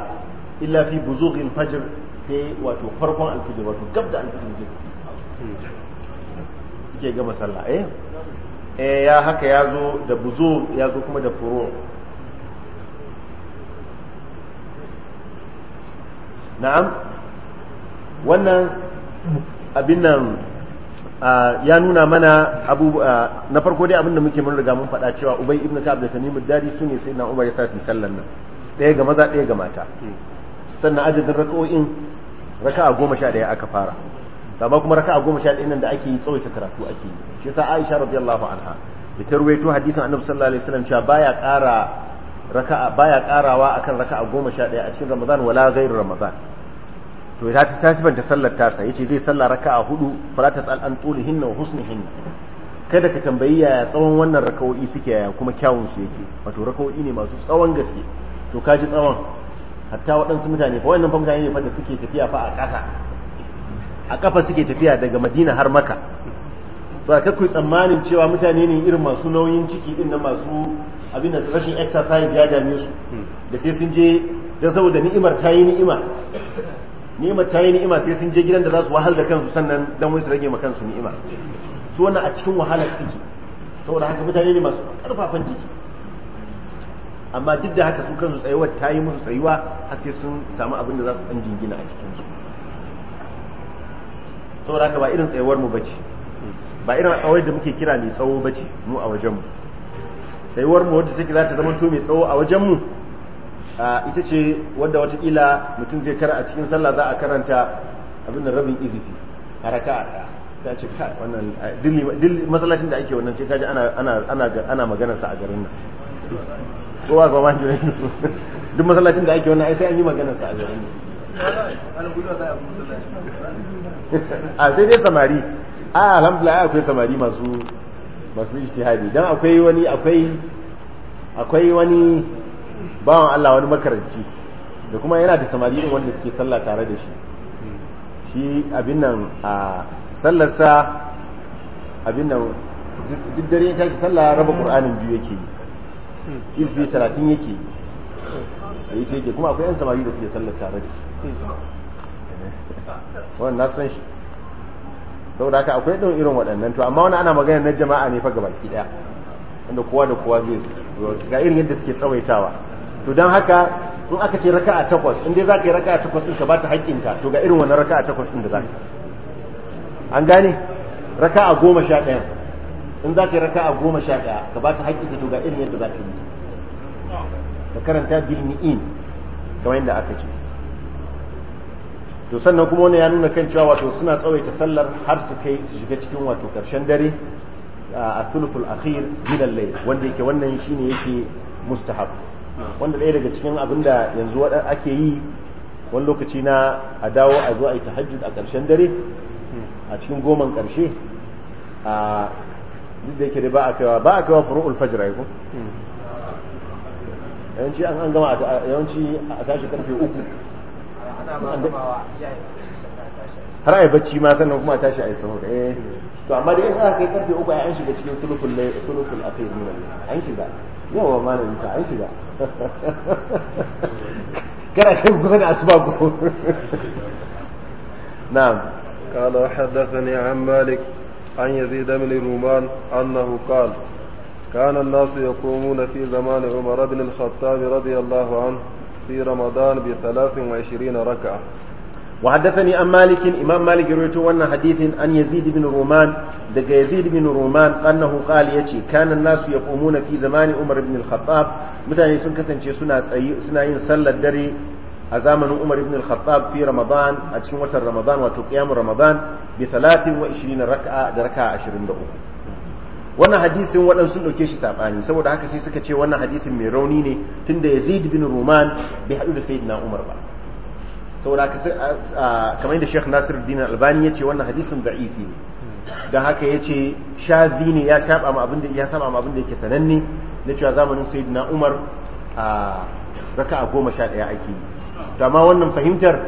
illa fi buzughil fajr sai wato farkon alfijir wato gab da alfijir suke gama sallah eh eh ya haka ya zo da buzu ya zo kuma da furu na'am wannan abin nan ya nuna mana abu na farko dai abin da muke mun riga mun faɗa cewa ubay ibn ka'ab da tamim dari su ne na umar ya sa sallan nan ɗaya ga maza ɗaya ga mata sannan adadin raka'o'in raka'a goma sha ɗaya aka fara amma kuma raka'a goma sha ɗaya nan da ake yi tsawaita karatu ake yi shi yasa Aisha radiyallahu anha da ta ruwaito hadisin Annabi sallallahu alaihi wasallam cewa baya ƙara raka'a baya ƙarawa akan raka'a goma sha ɗaya a cikin Ramadan wala ghairu Ramadan to ya ta tasibanta sallar tasa yace zai sallar raka'a hudu fala tasal an tulihinna wa husnihinna kada ka tambayi yaya tsawon wannan raka'o'i suke yaya kuma kyawun su yake wato raka'o'i ne masu tsawon gaske to ka ji tsawon hatta waɗansu mutane fa wannan fa mutane ne fa da suke tafiya fa a ƙasa a ƙafa suke tafiya daga Madina har Makka ba ka kuyi tsammanin cewa mutane ne irin masu nauyin ciki din na masu abin da rashin exercise ya dame su da sai sun je da saboda ni'imar ta yi ni'ima ni'ima ta yi ni'ima sai sun je gidan da za su wahal da kansu sannan dan wani su rage ma kansu ni'ima su wannan a cikin wahalar ciki. saboda haka mutane ne masu karfafan jiki amma duk da haka su kansu tsayuwar ta yi musu tsayuwa har sai sun samu abin da za su dan jingina a cikin su saboda haka ba irin tsayuwar mu bace ba irin tsawar da muke kira mai tsawo bace mu a wajen mu tsayuwar mu wadda take za ta zama to mai tsawo a wajen mu ita ce wadda watakila mutum zai kara a cikin sallah za a karanta abin da rabin izifi a raka'a ta ce ka wannan masallacin da ake wannan sai kaji ana magana sa a garin nan ko ba ma ji [LAUGHS] duk masallacin da ake wannan ai sai an yi magana sa a garin nan [LAUGHS] a sai dai samari a alhamdulillah akwai samari masu masu ijtihadi dan akwai wani akwai akwai wani bawan Allah wani makaranci da kuma yana da samari irin wanda suke sallah tare da shi shi abin nan a sallarsa abin nan duk dare ya tashi sallah raba ƙur'anin biyu yake yi isbi talatin yake yi a yi yake kuma akwai yan samari da suke sallah tare da shi eh, wannan na san shi saboda haka akwai ɗin irin waɗannan to amma wani ana magana na jama'a ne fa gabaki ɗaya wanda kowa da kowa zai ga irin yadda suke tsawaitawa to don haka in aka ce raka'a takwas in dai za ka yi raka'a takwas ɗin ka ba ta haƙƙinta to ga irin raka raka'a takwas ɗin da za ka an gane raka'a goma sha ɗaya in za ka yi raka'a goma sha ɗaya ka ba ta haƙƙinta to ga irin yadda za ka yi ka karanta bil ni'in kamar yadda aka ce to sannan kuma wani ya nuna kan cewa wato suna tsawaita sallar har su kai su shiga cikin wato karshen dare a thuluthul akhir min al-layl wanda yake wannan shine yake mustahab wanda ɗaya daga cikin abin da yanzu ake yi wani lokaci na a dawo a zo a yi tahajjud a ƙarshen dare a cikin goman ƙarshe a duk da yake da ba a kaiwa ba a kaiwa furu'ul fajr ai yawanci an an gama yawanci a tashi karfe uku har yi bacci ma sannan kuma a tashi yi sahur eh to amma da yin aka kai karfe uku a yi an shiga cikin sulukul a kai ne an shiga yawa malam ta an shiga kana kai ku sani قال حدثني عن مالك عن يزيد بن الرومان أنه قال كان الناس يقومون في زمان عمر بن الخطاب رضي الله عنه في رمضان بثلاث وعشرين ركعة وحدثني عن مالك إمام مالك رويته وانا حديث أن يزيد بن رومان دقى يزيد بن رومان أنه قال يتي كان الناس يقومون في زمان عمر بن الخطاب متى يسون كسن سنة سنين صلى الدري أزامن عمر بن الخطاب في رمضان أجسن وتر رمضان وتقيام رمضان بثلاث وعشرين ركعة دركعة عشرين دقوة wannan hadisin waɗansu ɗauke shi saɓani saboda haka sai suka ce wannan hadisin mai rauni ne tunda yazid bin ruman bai haɗu da sayyidina umar ba saboda kamar da Sheikh din Albani ya ce wannan hadisin da'ifi ne dan haka yace shazi ne ya saba ma abin da ya saba ma abin da yake sananne na cewa zamanin Sayyidina Umar a raka'a goma sha daya ake yi to amma wannan fahimtar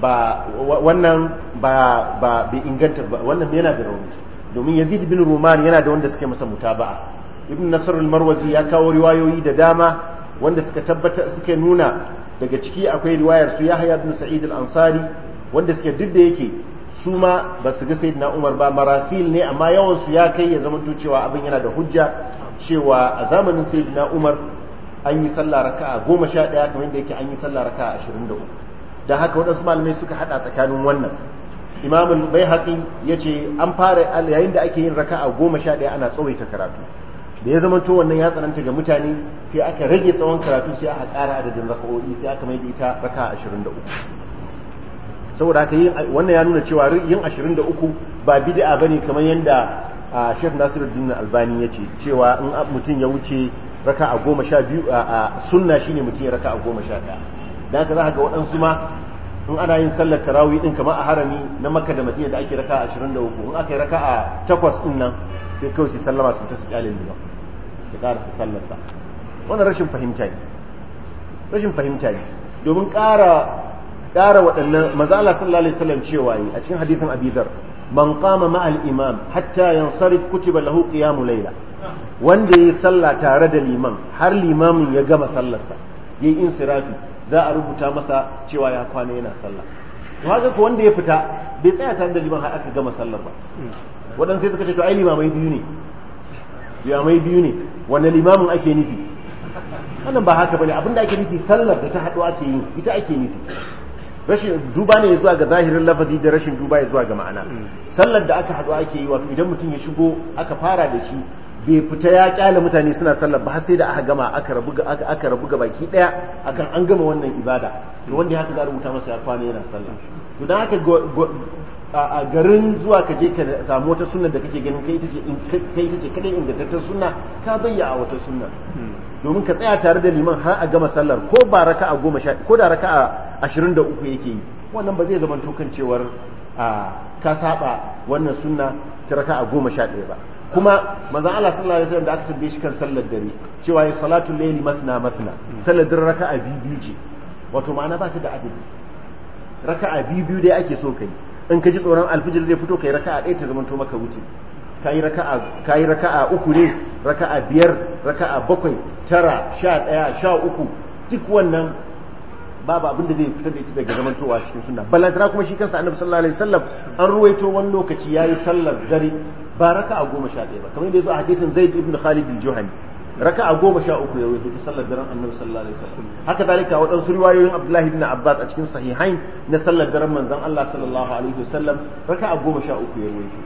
ba wannan ba ba inganta ba wannan yana da rauni domin Yazid bin Ruman yana da wanda suke masa mutaba'a Ibn Nasr marwazi ya kawo riwayoyi da dama wanda suka tabbata suke nuna daga ciki akwai riwayar su Yahya ibn Sa'id al-Ansari wanda suke duk da yake su ma ba su ga Sayyidina Umar ba marasil ne amma yawan su ya kai ya zama cewa abin yana da hujja cewa a zamanin Sayyidina Umar an yi sallah raka'a goma sha ɗaya kamar yadda yake an yi sallah raka'a ashirin da uku da haka waɗansu malamai suka haɗa tsakanin wannan imamul bai haƙi ya ce an fara yayin da ake yin raka'a goma sha ɗaya ana tsawaita karatu da ya zamanto wannan ya tsananta ga mutane sai aka rage tsawon karatu sai aka ƙara adadin raka'o'i sai aka mai ita raka 23 saboda haka yin wannan ya nuna cewa yin 23 ba bid'a bane kamar yanda Sheikh Nasiruddin Albani ya ce cewa in mutum ya wuce raka 12 sunna shine mutum ya raka 11 dan haka za ga waɗansu ma in ana yin sallar tarawih din kamar a harami na Makka da Madina da ake raka 23 in aka yi raka 8 din nan sai kawai su sallama su ta su kyale liman ya sallarsa wannan rashin fahimta ne rashin fahimta ne domin ƙara ƙara waɗannan maza Allah sallallahu alaihi wasallam cewa yi a cikin hadisin abidar man qama ma'al imam hatta yansarif kutiba lahu qiyamu layla wanda ya sallah tare da liman har limamin ya gama sallarsa yayi insirafi za a rubuta masa cewa ya kwana yana sallah to haka ko wanda ya fita bai tsaya tare da liman har aka gama sallar ba hmm. waɗansu sai suka ce to ai limamai biyu ne mai biyu ne wannan limamin ake nufi wannan ba haka bane abinda ake nufi sallar da ta haɗu ake yi ita ake nufi rashin duba ne zuwa ga zahirin lafazi da rashin duba ya zuwa ga ma'ana sallar da aka haɗu ake yi wato idan mutum ya shigo aka fara da shi bai fita ya kyale mutane suna sallar ba har sai da aka gama aka rabu ga aka rabu ga baki daya akan an gama wannan ibada to wanda haka za rubuta masa ya kwana yana sallar. to dan haka a garin zuwa ka je ka samu wata sunna da kake ganin kai ita ce kadai ingantattar sunna ka bayya a wata sunna hmm. domin ka tsaya tare da liman har a gama sallar ko ba raka a goma sha ko da raka a ashirin da uku yake yi wannan ba zai zama tokan cewar ka saba wannan sunna ta raka a goma sha ɗaya ba kuma manzon Allah sallallahu alaihi wasallam da aka tambaye shi kan sallar dare cewa ya salatu layli masna masna hmm. sallar dare a biyu biyu ce wato ma'ana ba ta da adadi a biyu biyu dai ake so kai in ka ji tsoron alfijir zai fito kai raka'a ɗaya ta zamanto maka wuce kayi raka'a raka'a uku ne raka'a biyar raka'a bakwai tara sha ɗaya sha uku duk wannan babu abin da zai fitar da ita daga zamantowa cikin sunna balantara kuma shi kansa annabi sallallahu alaihi wasallam an ruwaito wani lokaci yayi sallar dare ba raka'a goma sha ɗaya ba kamar yadda ya zo a hadisin zaid ibn khalid al-juhani raka'a goma sha uku ya wuce ta sallar daren annabi sallallahu alaihi wasallam haka zalika waɗansu riwayoyin abdullahi ibn abbas a cikin sahihain na sallar daren manzon allah sallallahu alaihi wasallam raka'a goma sha uku ya wuce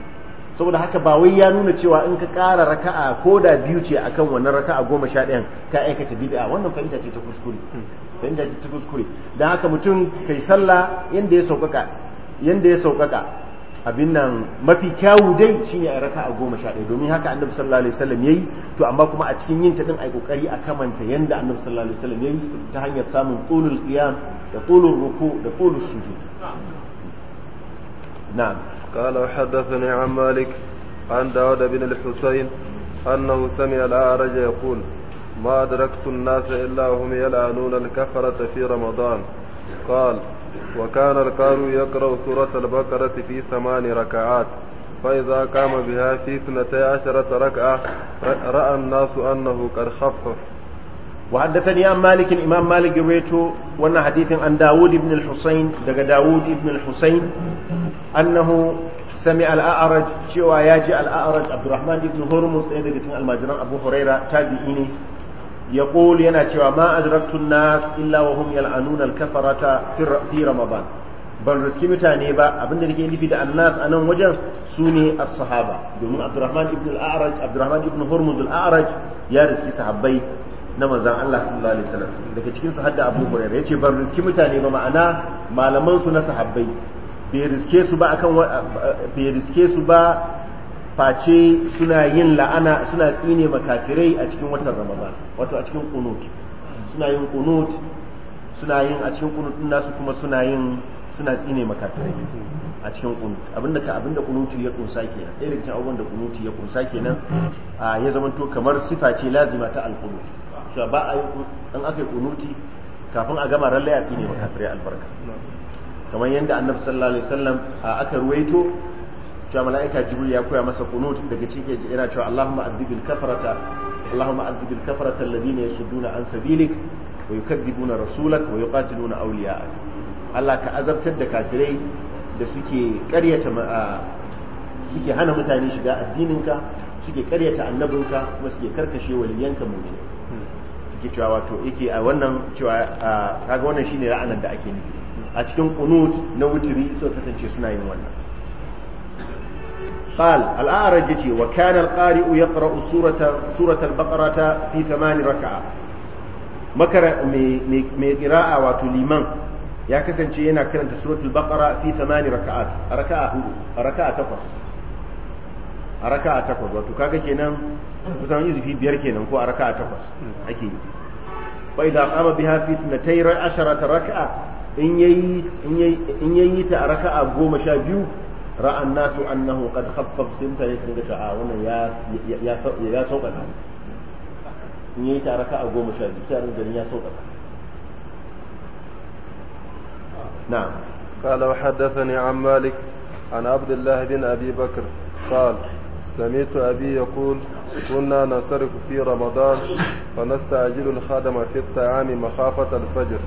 saboda haka ba wai ya nuna cewa in ka kara raka'a ko da biyu ce akan wannan raka'a goma sha ɗayan ka aika aikata bid'a wannan fahimta ce ta kuskure fahimta ce ta kuskure dan haka mutum kai sallah yanda ya sauƙaƙa yanda ya sauƙaƙa abin nan mafi kyawu dai shine a raka'a goma sha ɗaya domin haka annabi sallallahu alaihi wasallam yayi to amma kuma a cikin yin ta din ai kokari a kamanta yanda annabi sallallahu alaihi wasallam yayi ta hanyar samun tulul qiyam da tulul ruku da tulul sujud na'am qala hadathani an malik an dawud bin al-husayn annahu sami'a al-a'raj yaqul ما أدركت الناس إلا هم يلعنون الكفرة في رمضان قال وكان القارئ يقرأ سورة البقرة في ثمان ركعات فإذا قام بها في اثنتي عشرة ركعة رأى الناس أنه قد خفف وحدثني عن مالك الإمام مالك رويته وأن حديث عن داود بن الحسين دقى داود بن الحسين أنه سمع الأعرج شوى ياجي الأعرج عبد الرحمن بن هرمز إذا قلت المجرم أبو هريرة تابعيني yaqul yana cewa ma azraktu nas illa wa hum yal'anuna al-kafarata fi ramadan ban riski mutane ba abinda nake nufi da annas a nan wajen su ne as-sahaba domin abdurrahman ibn al-a'raj abdurrahman ibn hurmuz al-a'raj ya riski sahabbai na manzon Allah sallallahu alaihi wasallam daga cikin su hadda Abu ya ce ban riski mutane ba ma'ana malaman na sahabbai bai bai riske su ba face suna yin la'ana suna tsine makafirai a cikin watan ramadan wato a cikin kunut suna yin kunut suna yin a cikin kunut din nasu kuma suna yin suna tsine makafirai a cikin kunut abinda ka abinda kunut ya kunsa kenan ɗaya daga cikin abubuwan da kunut ya kunsa kenan ya zamanto kamar sifa ce lazima ta alqunut so ba a in aka yi kunuti kafin a gama ran laya tsine makafirai albarka kamar yadda annabi sallallahu alaihi wasallam aka ruwaito cewa mala'ika jibril ya koya masa kunut daga cikin yana cewa Allahumma azibil kafarata Allahumma azibil kafarata alladhina yasudduna an sabilik wa yukadzibuna rasulak wa yuqatiluna awliya'ak Allah ka azabtar da kafirai da suke ƙaryata suke hana mutane shiga addininka suke karyata annabinka kuma suke karkashe waliyanka mu'mini suke cewa wato yake a wannan cewa kaga wannan shine ra'anar da ake nufi a cikin kunut na wuturi suka kasance suna yin wannan قال الأعرج وكان القارئ يقرأ سورة سورة البقرة في ثمان ركعة مكر من قراءة وتليمان يا كسن شينا كرنت سورة البقرة في ثمان ركعات ركعة هدو ركعة تقص ركعة تقص وتكاكا كينا مثلا يزي في kenan ko a raka'a takwas ake yi fa idza qama biha fi ithnatay asharata raka'a in yayi in yayi ta a raka'a راى الناس انه قد خفف sun tare sun يا يا يا يا ya ya sauƙaƙa in yi ta raka a goma sha نعم قال وحدثني عن مالك عن عبد الله بن أبي بكر قال سمعت أبي يقول كنا نصرف في رمضان فنستعجل الخادم في الطعام مخافة الفجر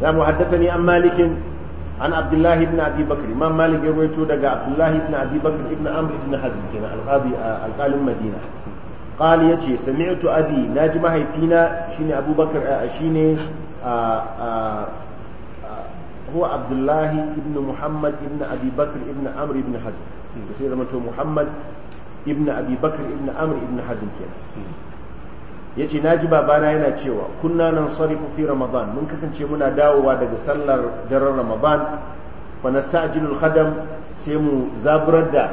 نعم وحدثني عن مالك an abdullahi ibn abi bakr imam malik ya rawaito daga abdullahi ibn abi ibn amr ibn hazm kenan alqadi alqalin madina qal yace sami'tu abi naji mahaifina shine abubakar shine هو عبد الله ابن محمد ابن ابي بكر ابن عمرو ابن حزم يصير لما محمد ابن ابي بكر ابن عمرو ابن yace naji babana yana cewa kunna nan sarifu fi ramadan mun kasance muna dawowa daga sallar daren ramadan fa nasta'jilul khadam sai mu zaburar da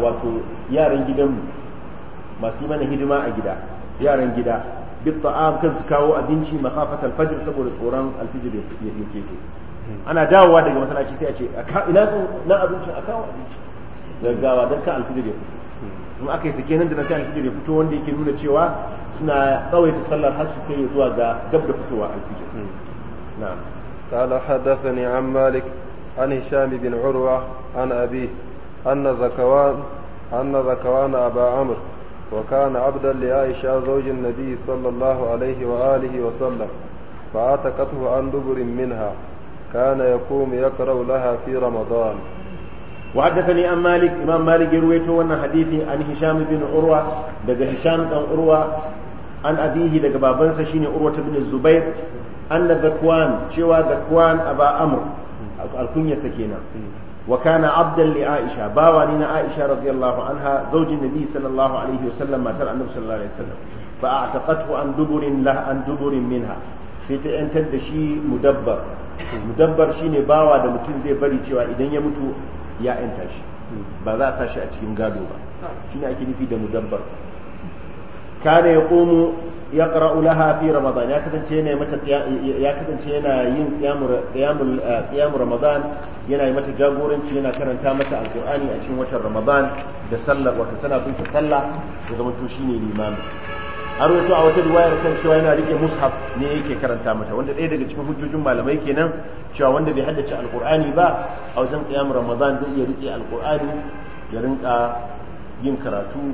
wato yaran gidanmu masu mana hidima a gida yaran gida bit ta'am kan su kawo abinci makafat al-fajr saboda tsoron al-fajr ya yake ana dawowa daga masallaci sai a ce ina su na abincin a kawo abinci gaggawa dan ka al ya fito in aka yi sake nan da na sai alfijir ya fito wanda yake nuna cewa suna tsawaita sallar har su kai zuwa ga gab da fitowa alfijir na'am قال حدثني عن مالك عن هشام بن عروة عن أبيه أن ذكوان أن ذكوان أبا عمرو وكان عبدا لعائشة زوج النبي صلى الله عليه وآله وسلم فعتقته عن دبر منها كان يقوم يقرأ لها في رمضان وحدثني عن مالك إمام مالك يرويته وانا حديثي عن هشام بن عروة دقى هشام بن عروة عن أبيه دقى بابنسا شيني عروة بن الزبير أن ذكوان شوى ذكوان أبا أمر الكنية سكينة وكان عبدا لعائشة باوانين عائشة رضي الله عنها زوج النبي صلى الله عليه وسلم ما تلع النبي صلى الله عليه وسلم فأعتقته عن دبر له عن دبر منها sai ta yantar da shi mudabbar mudabbar shine bawa da mutum zai bari cewa idan ya mutu ya yanta shi ba za a sa shi a cikin gado ba shine ake nufi da mudabbar kana ya yaqra'u laha fi ramadan ya kasance yana mata ya kasance yana yin qiyamul eh, qiyamul ramadan yana yi mata jagoranci yana karanta mata alqur'ani a cikin watan ramadan da sallar wata tana bin sallah ya zama to shine limami har wato a wata riwayar kan cewa yana rike mushaf ne yake karanta mata wanda ɗaya daga cikin hujjojin malamai kenan cewa wanda bai haddace alqur'ani ba a wajen qiyam ramadan zai iya rike alqur'ani ya rinka yin karatu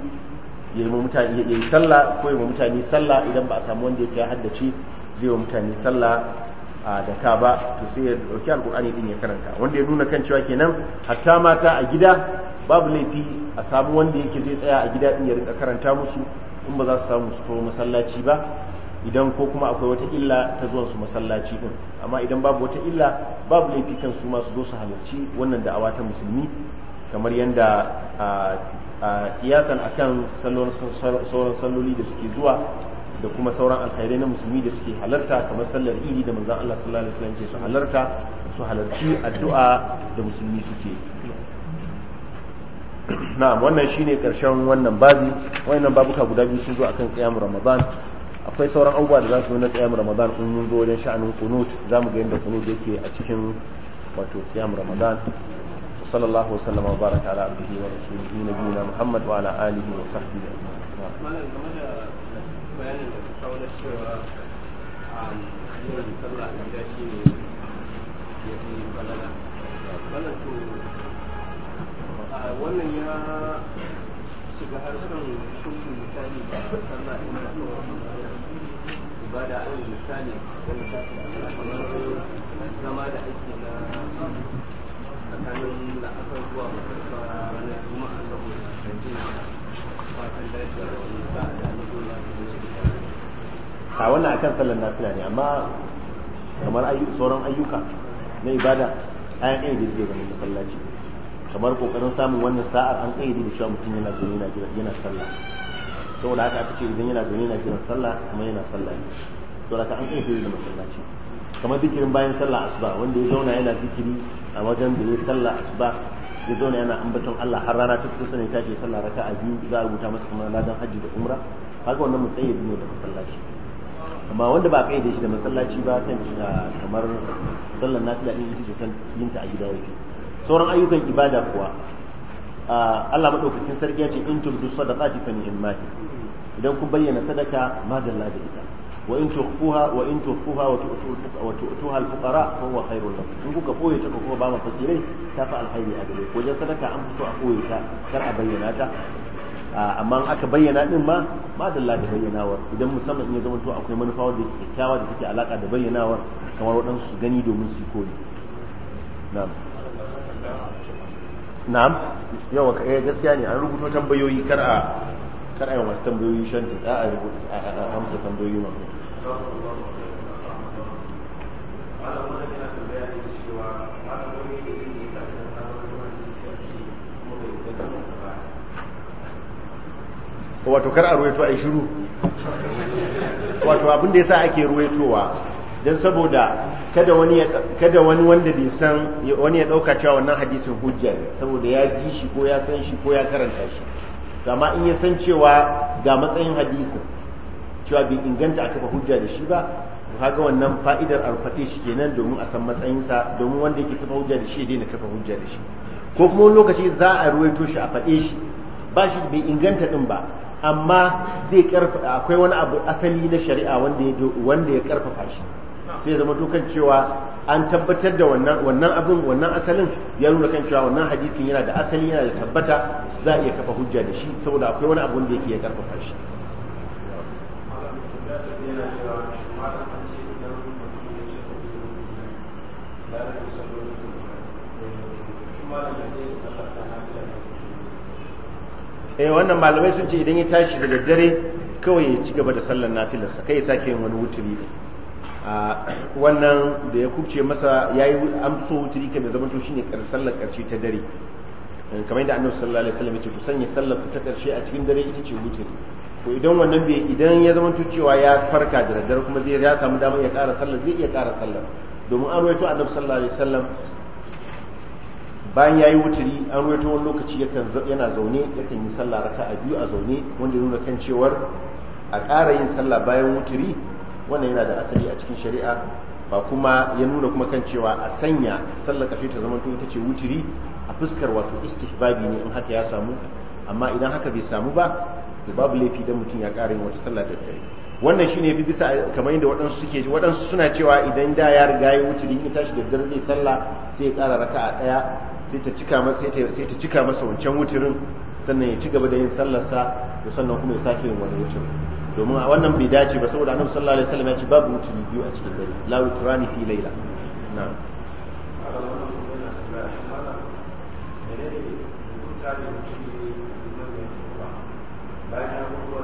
ya yi mutane ya yi sallah ko ya mutane sallah idan ba a samu wanda yake haddace zai wa mutane sallah a da ba to sai ya dauki alqur'ani din ya karanta wanda ya nuna kan cewa kenan hatta mata a gida babu laifi a samu wanda yake zai tsaya a gida din ya rinka karanta musu in ba za su samu su to masallaci ba idan ko kuma akwai wata illa ta zuwan su masallaci din amma idan babu wata illa babu laifi kan su ma su zo su halarci wannan da'awa ta musulmi kamar yadda a kiyasan akan sauran salloli da suke zuwa da kuma sauran alkhairai na musulmi da suke halarta kamar sallar idi da manzon Allah sallallahu alaihi wasallam ke su halarta su halarci addu'a da musulmi suke [CLEARS THROAT] na'am wannan shine karshen wannan babi wannan babuka guda biyu sun zo akan qiyam ramadan akwai sauran abubuwa da za su na qiyam ramadan in mun zo wajen sha'anin kunut za mu ga yadda kunut yake a cikin wato qiyam ramadan sallallahu alaihi wasallam wa baraka ala abdihi wa rasulihi nabiyina muhammad wa ala alihi wa sahbihi ajma'in bayanin da kawo na cewa a um, yin sallah a shi shine ya fi balala wannan to wannan ya shiga harkar kulli misali sallah ina ibada an misali wanda ta kamar zama da aiki na tsakanin la'asar zuwa makarfa ranar juma'a saboda kajina fatan lafiya da wani za a dami dole a wannan akan sallar nafila ne amma kamar sauran ayyuka na ibada ayan iya da zai zama masallaci kamar kokarin samun wannan sa'ar an kai da cewa mutum yana zaune yana jira yana sallah saboda haka aka ce idan yana zaune yana jira sallah kuma yana sallah ne to haka an kayyade da masallaci kamar zikirin bayan sallah asuba wanda ya zauna yana zikiri a wajen da ya sallah asuba ya zauna yana ambaton Allah har rana ta kusa ne tashi sallah raka'a biyu za a rubuta masa kamar ladan hajji da umra haka wannan mutsayyid ne da masallaci amma wanda ba da shi da masallaci ba kan ah, kamar sallar nafila din yake ce san yin ta a gida yake sauran ayyukan ibada kuwa Allah madaukakin sarki ya ce in tubdu sadaqati fa ni'mati idan kun bayyana sadaka madalla da ita wa in tukhfuha wa in tukhfuha wa tu'tuha wa tu'tuha al-fuqara fa huwa khairul lakum in kuka koye ta kuma ba mafakirai ta fa alkhairi a gare ku wajen sadaka an fito a koye ta kar a bayyana ta amma aka bayyana din ma madalla da bayyanawar idan musamman in ya zama to akwai manufa wadda ke kyakkyawa da take alaka da bayyanawar kamar waɗansu gani domin su koyi na'am na'am yawa ka eh gaskiya ne an rubuto tambayoyi kar a kar a yi wasu tambayoyi shan ta a a amsa tambayoyi ma wato kar a ruwaito a yi shiru wato abin da ya sa ake ruwaitowa don saboda kada wani kada wani wanda bai san wani ya dauka cewa wannan hadisin hujja ne saboda ya ji shi ko ya san shi ko ya karanta shi amma in ya san cewa ga matsayin hadisin cewa bai inganta a kafa hujja da shi ba kaga wannan fa'idar alfaɗe shi kenan domin a san matsayinsa domin wanda yake kafa hujja da shi ya daina kafa hujja da shi ko kuma wani lokaci za a ruwaito shi a faɗe shi ba shi bai inganta din ba amma zai karfa akwai wani abu asali na shari'a wanda ya karfafa shi sai zama to kan cewa an tabbatar da wannan wannan abin wannan asalin ya nuna kan cewa wannan hadisin yana da asali yana da tabbata za a iya kafa hujja da shi saboda akwai wani abu da yake ya karfafa shi eh wannan malamai sun ce idan ya tashi daga dare kawai ya ci gaba da sallar nafilarsa kai ya sake yin wani wuturi ne wannan da ya kuce masa ya yi amso wuturi kan da zama to shine sallar karshe ta dare eh, kamar yadda annabi sallallahu alaihi wasallam yace ku sanya sallar ku ta karshe a cikin dare ita ce wuturi ko idan wannan bai idan ya zama to cewa ya farka da daddare kuma zai ya samu damar ya ƙara sallar zai iya ƙara sallar domin an rawaito annabi sallallahu alaihi wasallam bayan yayi wuturi an rawaito wani lokaci yakan yana zaune yakan yi sallah raka'a biyu a zaune wanda nuna kan cewar a ƙara yin sallah bayan wuturi wannan yana da asali a cikin shari'a ba kuma ya nuna kuma kan cewa a sanya sallar ƙarshe ta zama ita ce wuturi a fuskar wato istihbabi ne in haka ya samu amma idan haka bai samu ba to babu laifi dan mutum ya ƙara yin wata sallar da dare wannan shine fi bisa kamar yadda waɗansu suke waɗansu suna cewa idan da ya riga ya wuturi in tashi da dare zai sallah sai ya ƙara raka'a ɗaya sai ta cika masa sai ta cika masa wancan wuturin sannan ya ci gaba da yin sallarsa sannan kuma ya sake yin wani wuturin domin a wannan bai dace ba saboda annabi sallallahu alaihi wasallam ya ce babu wuturi biyu a cikin dare la wutrani fi laila na'am bayan kuma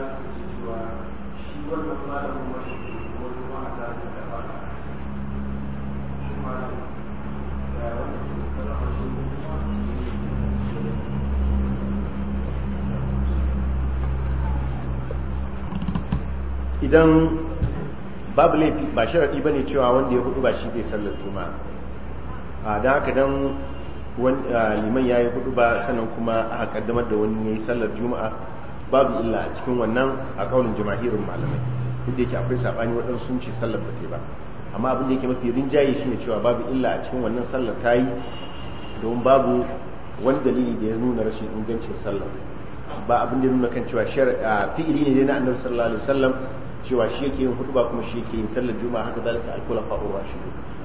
ya cewa shi wannan malamin mashi idan babu laifi ba sharaɗi ba ne cewa wanda ya hudu ba shi zai sallar juma'a a da haka dan liman ya yi hudu ba sannan kuma aka kaddamar da wani ya yi sallar juma'a babu illa a cikin wannan a kaunin jama'irin malamai duk da yake akwai sabani waɗansu sun ce sallar ba ta ba amma abin da yake mafi rinjaye shine cewa babu illa a cikin wannan sallar ta yi domin babu wani dalili da ya nuna rashin ingancin sallar ba abin da ya nuna kan cewa fi'ili ne na annabi sallallahu alaihi wasallam cewa shi yake yin hutuba kuma shi yake yin sallar juma'a haka zalika al-khulafa ar shi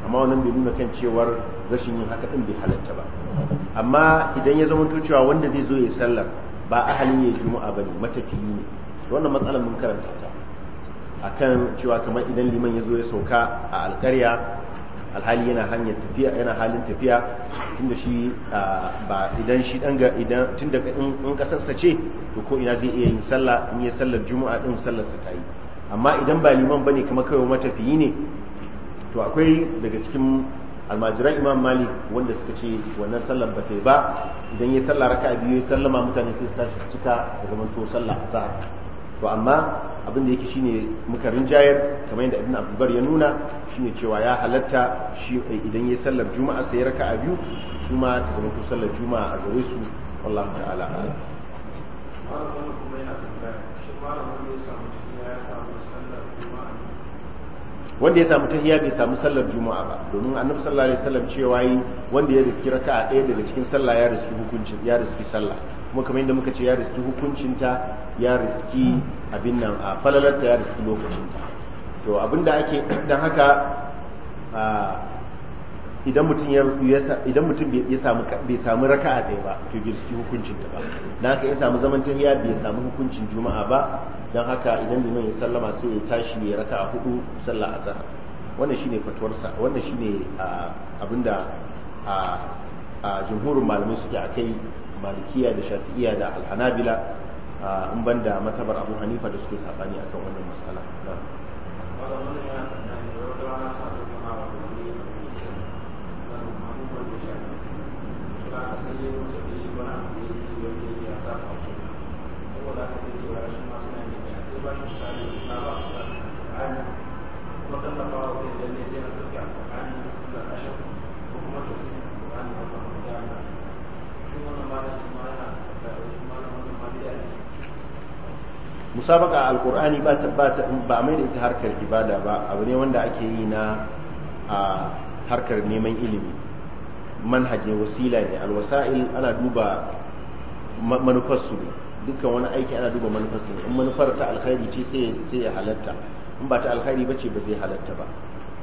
amma wannan bai nuna kan cewar rashin yin haka din bai halatta ba amma idan ya zama cewa wanda zai zo ya sallar ba ahalin ya juma'a bane matafiyi ne wannan matsalar mun karanta ta akan cewa kamar idan liman ya zo ya sauka a alƙarya alhali yana hanyar tafiya yana halin tafiya tunda shi ba idan shi dan ga idan tunda in kasarsa ce to ko ina zai iya yin sallah in ya sallar juma'a din sallar sa tayi amma idan ba liman bane kamar kawai matafiyi ne to akwai daga cikin almajiran imam mali wanda suka ce wannan sallar ba ta ba idan ya sallah raka'a biyu ya sallama mutane sai su tashi cika da zaman to sallah azhar to amma abin da yake shine muka rinjayar kamar yadda ibn abdulbar ya nuna shine cewa ya halatta shi idan ya sallar juma'a sai raka a biyu su ma ta zama ku sallar juma'a a gare su Allah ta'ala ala wanda ya samu tahiya bai samu sallar juma'a ba domin annabi sallallahu alaihi wasallam cewa yi wanda ya riski raka'a ɗaya daga cikin sallah ya riski hukuncin ya riski sallah kuma kamar yadda muka ce ya riski hukuncinta ya riski abin nan a falalarta ya riski lokacinta to abin da ake dan haka idan mutum ya idan mutum ya samu bai samu raka'a ɗaya ba to bai riski hukuncinta ba dan haka ya samu zaman tahiya bai samu hukuncin juma'a ba dan haka idan liman ya sallama sai ya tashi ya raka'a hudu sallah azhar wannan shine fatuwarsa wannan shine abinda a jumhurin malamai suke akai malikiya da shafi'iya da alhanabila in ban da matabar abu hanifa da suke a akan wannan matsala Thank musabaka a alkur'ani ba tabbata ba mai da ita harkar ibada ba abu ne wanda ake yi na a harkar neman ilimi manhajin wasila ne alwasa'il ana duba manufarsu ne dukkan wani aiki ana duba manufarsu ne in manufar ta alkhairi ce sai ya halatta in ba ta alkhairi ba ce ba zai halatta ba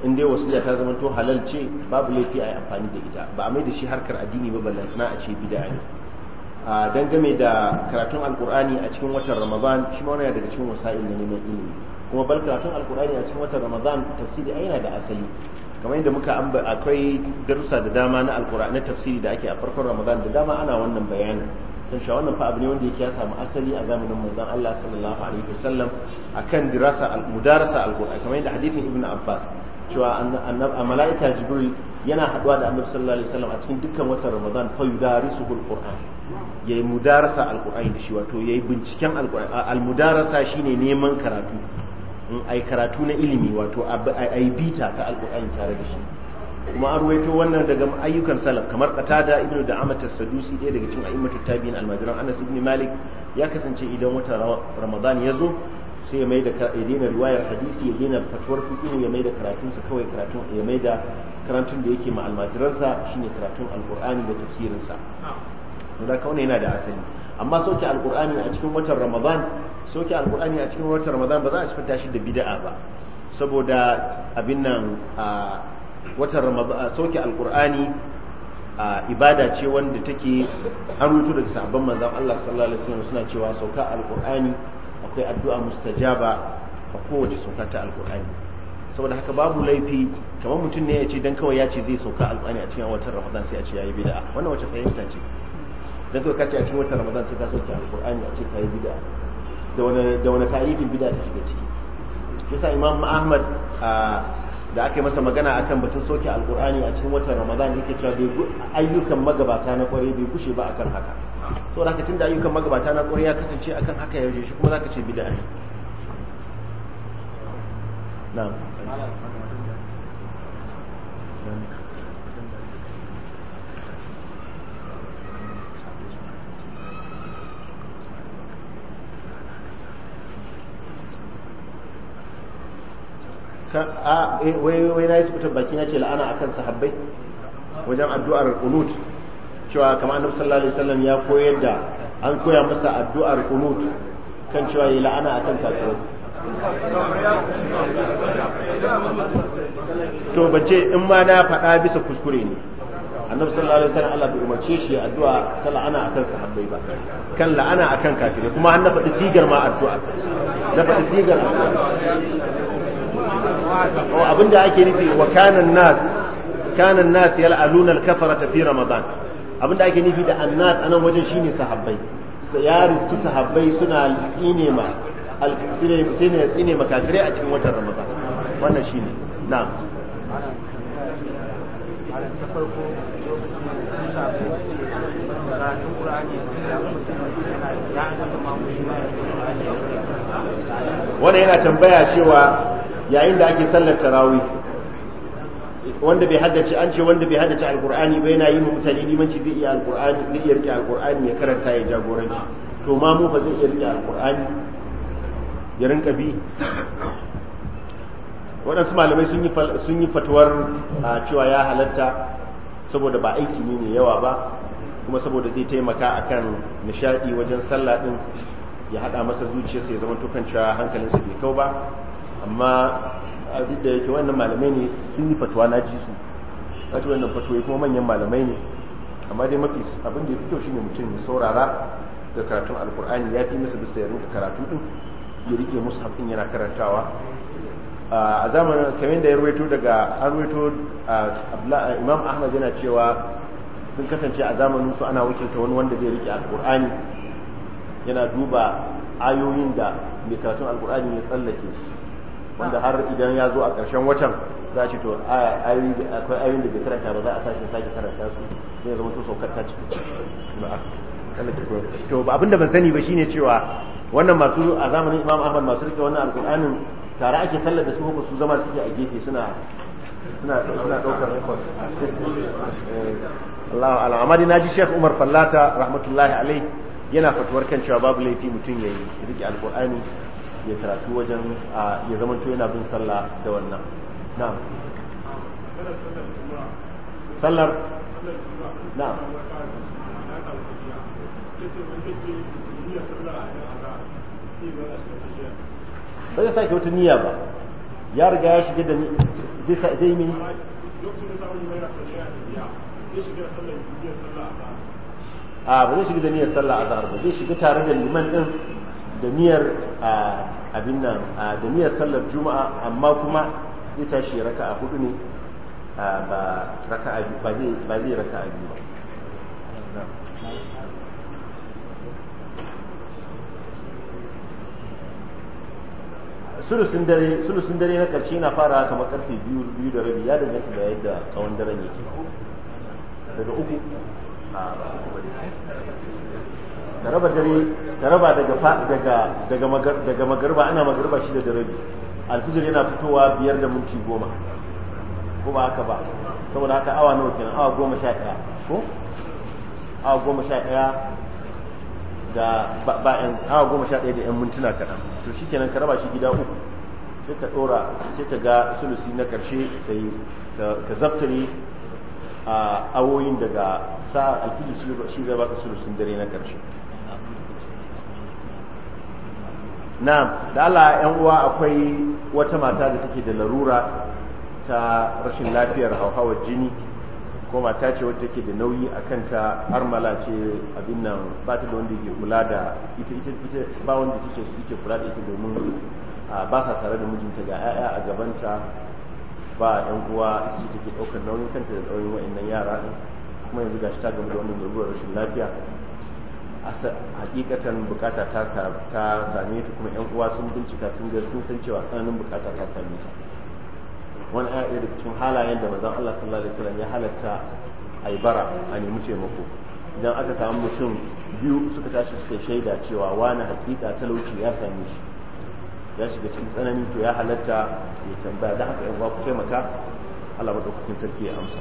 in dai wasila ta zama to halal ce babu laifi a yi amfani da ita ba a mai da shi harkar addini ba ballan a ce bid'a ne game da karatun alkur'ani a cikin watan ramadan shi ma yana daga cikin wasa'il na neman ilimi kuma bal karatun alkur'ani a cikin watan ramadan tafsiri ai yana da asali kamar yadda muka amba akwai darussa da dama na alkur'ani na tafsiri da ake a farkon ramadan da dama ana wannan bayanin san sha wannan fa abu ne wanda yake ya samu asali a zamanin manzon Allah sallallahu alaihi wasallam akan dirasa mudarasa al-qur'ani kamar yadda hadithin ibnu abbas cewa malaika jibril yana haduwa da annabi sallallahu alaihi wasallam a cikin dukkan watan ramadan fa yudarisuhu alquran yayi mudarasa alqur'ani da shi wato yayi binciken alqur'ani almudarasa shine neman karatu in ai karatu na ilimi wato ai bita ta alqur'ani tare da shi kuma an ruwaito wannan daga ayyukan salaf kamar qatada ibnu da amatar sadusi ɗaya daga cikin a'immatu tabi'in almajiran anas ibn malik ya kasance idan watan ramadan ya zo sai ya mai da ya daina riwayar hadisi ya daina fatuwar fiqh ya mai da karatun sa kawai karatun ya mai da karatun da yake ma almajiransa shine karatun alqur'ani da tafsirin sa to da kauna yana da asali amma sauke alqur'ani a cikin watan ramadan sauke alqur'ani a cikin watan ramadan ba za a sifanta shi da bida'a ba saboda abin nan a watan ramadan sauke a ibada ce wanda take an rutu daga sahabban manzon Allah sallallahu alaihi wasallam suna cewa sauka alqur'ani akwai addu'a mustajaba a kowace sauka ta alkur'ani saboda haka babu laifi kamar mutum ne ya ce dan kawai ya ce zai sauka alkur'ani a cikin watan ramadan sai a ce yayi bid'a wannan wace fahimta ce dan kawai kace a cikin watan ramadan sai ka sauka alkur'ani a ce ta yi bid'a da wani da wani tarihin bid'a ta shiga ciki yasa imam ahmad a ah, da aka yi masa magana a akan batun soke alkur'ani a cikin watan ramadan yake cewa bai ayyukan magabata na kwarai bai kushe ba akan haka to da da ayyukan magabata na kwarai ya kasance akan haka yaushe shi kuma za ce bi ne na'am Eh, wai na yi su fitar baki na ce la'ana a kan sahabbai wajen addu'ar kunut cewa kamar annabi sallallahu alaihi wasallam ya koyar da an koya masa addu'ar kunut kan cewa yi la'ana a kan kafirai to bace in ma na faɗa bisa kuskure ne annabi sallallahu alaihi wasallam Allah bai umarce shi ya addu'a ta la'ana akan sahabbai ba kan la'ana a kan kafirai kuma an na faɗi sigar ma addu'a na faɗi sigar addu'a ko oh, da ake nufi wa kanan nas kanan nas ya yal'aluna al kafara fi ramadan da ake nufi da annas anan wajen shine sahabbai ya rutu sahabbai suna tsine ma al-kafirai tsine ma kafirai a cikin watan ramadan wannan shine na'am wannan yana tambaya cewa yayin da ake sallar tarawih wanda bai haddace an ce wanda bai haddace alqur'ani ba yana yi mutane limanci zai iya alqur'ani zai iya rike alqur'ani ya karanta ya jagoranci to ma mu ba zai iya rike alqur'ani ya rinka bi waɗansu malamai sun yi sun yi fatuwar cewa ya halatta saboda ba aiki ne mai yawa ba kuma saboda zai taimaka akan nishadi wajen sallah din ya hada masa zuciyarsa ya zama tukan cewa hankalinsa bai kau ba amma a duk da yake wannan malamai ne sun yi fatuwa na ji su kaji wannan fatuwa kuma manyan malamai ne amma dai mafi abin da ya fi kyau shine mutum ya saurara da karatun alkur'ani ya fi masa bisa ya ka karatu din ya rike musu haƙin yana karantawa a zamanin kamar da ya ruwaito daga an ruwaito imam ahmad yana cewa sun kasance a zamanin su ana wakilta wani wanda zai rike alkur'ani yana duba ayoyin da mai karatun alkur'ani ya tsallake wanda har idan ya zo a ƙarshen watan za a to akwai ayoyin da bai karanta ba za a sashi sake karanta su zai zama to saukar ta ciki to abinda ban sani ba shine cewa wannan masu a zamanin imam ahmad masu rike wannan alƙur'anin tare ake sallar da su ko su zama suke a gefe suna suna suna ɗaukar rekod eh, Allahu ala amma na ji Sheikh Umar Fallata rahmatullahi alai yana fatuwar kan cewa babu laifi mutum yayi rike alƙur'ani ya karatu wajen ya to yana bin sallah da wannan na'am sallar na'am ba zai sake wata niyya ba ya riga ya shiga da zai mini. a ba zai shiga da niyyar sallah azhar ba zai shiga tare da liman din da niyyar abin nan da niyyar sallar juma'a amma kuma zai tashi raka a hudu ne ba raka'a ba zai ba zai raka'a biyu ba sulusun dare sulusun dare na karshe na fara kamar karfe biyu biyu da rabi ya danganta da yadda tsawon daren yake daga uku a ba ka raba dare ka raba daga daga daga magarba ana magarba shi da dare alfijir yana fitowa biyar da minti goma ko ba haka ba saboda haka awa nawa kenan awa goma sha ɗaya ko awa goma sha ɗaya da ba awa goma sha ɗaya da yan mintuna kaɗan to shi kenan ka raba shi gida uku sai ka ɗora sai ka ga sulusi na ƙarshe ka zaftare a awoyin daga sa alfijir shi zai baka sulusin dare na ƙarshe na'am da Allah yan uwa akwai wata mata da take da larura ta rashin lafiyar hauhawar jini ko mata ce wadda take da nauyi a kanta armala ce abin nan ba ta da wanda ke kula da ita ita ita ba wanda take ke kula da ita domin ba sa tare da mijinta ga 'ya'ya a gabanta ba yan uwa ita take daukar nauyin kanta da nauyin wa'annan yara kuma yanzu gashi ta gama da wannan larura rashin lafiya hakikatan bukata ta same ta kuma yan uwa sun bincika sun ga sun san cewa tsananin bukata ta same ta wani aya daga cikin halayen da manzon Allah sallallahu alaihi wasallam ya halatta aibara a nemi taimako idan aka samu mutum biyu suka tashi suka shaida cewa wani hakika talauci ya same shi ya shiga cikin tsanani to ya halatta ya tambaya da haka yan uwa ku taimaka Allah madaukakin sarki ya amsa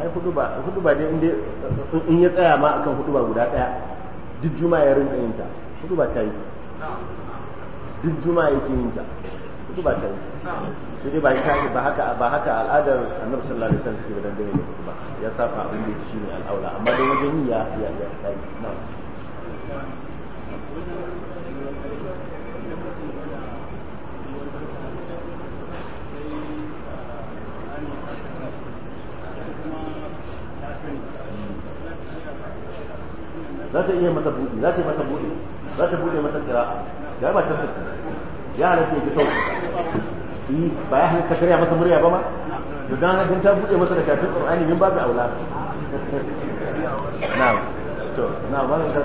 ai hudu ba hudu ba dai inda in ya tsaya ma akan hudu ba guda daya duk juma'a ya rinka yin ta hudu ba ta yi duk juma'a yake yin ta hudu ba ta yi sai dai ba ta ba haka ba haka al'adar annabi sallallahu alaihi wasallam ke dangane da hudu ba ya saba abin da yake shine al'aula amma dai wajen yi ya ya ta yi na'am za ta iya masa buɗe za ta yi masa buɗe za ta buɗe masa kira ga ba ta sace ya halatta ji sau yi ba ya halatta karya masa murya ba ma da dan haka ta buɗe masa da karatun qur'ani min aula [LAUGHS] na'am to na'am ba ta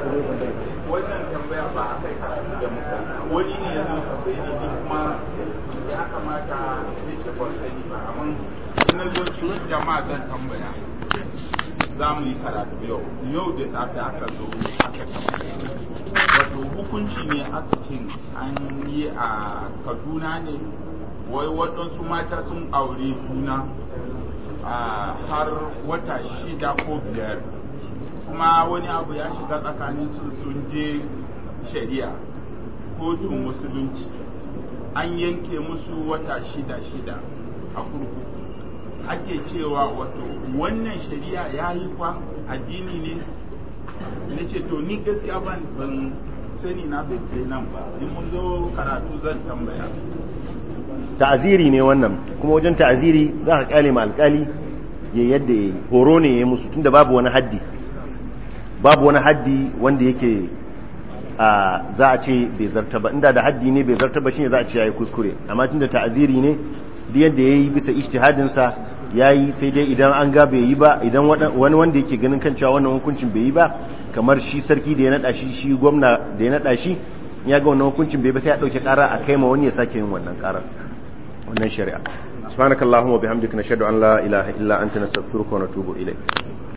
wannan tambaya ba a kai da mutane wani ne ya zo sai ne kuma ya kamata ne ce ba amma jama'a zan tambaya za mu yi karatu yau yau da safe aka zo aka wato hukunci ne aka ce an yi a kaduna ne wai waɗansu mata sun aure juna a har wata shida ko biyar kuma wani abu ya shiga tsakanin su sun je shari'a kotun musulunci an yanke musu wata shida shida a kurkuku ake cewa wato wannan shari'a ya yi kwa addini ne na ce to ni gaskiya ban ban sani na bai kai nan ba in mun zo karatu zan tambaya ta'aziri ne wannan kuma wajen ta'aziri za ka kyale ma alkali ya yadda ya horo ne ya musu tunda babu wani haddi babu wani haddi wanda yake za a ce bai zarta ba inda da haddi ne bai zarta ba shine za a ce yayi kuskure amma tunda ta'aziri ne duk yadda yi bisa ishtihadinsa ya yi sai dai idan an ga bai yi ba idan wani wanda yake ganin kan cewa wannan hukuncin bai yi ba kamar shi sarki da ya nada shi shi gwamna da ya nada shi ya ga wannan hukuncin bai ba sai ya ɗauke kara a kai ma wani ya sake yin wannan ƙarar wannan shari'a subhanakallahumma bihamdika nashhadu an la ilaha illa anta nastaghfiruka wa natubu ilayk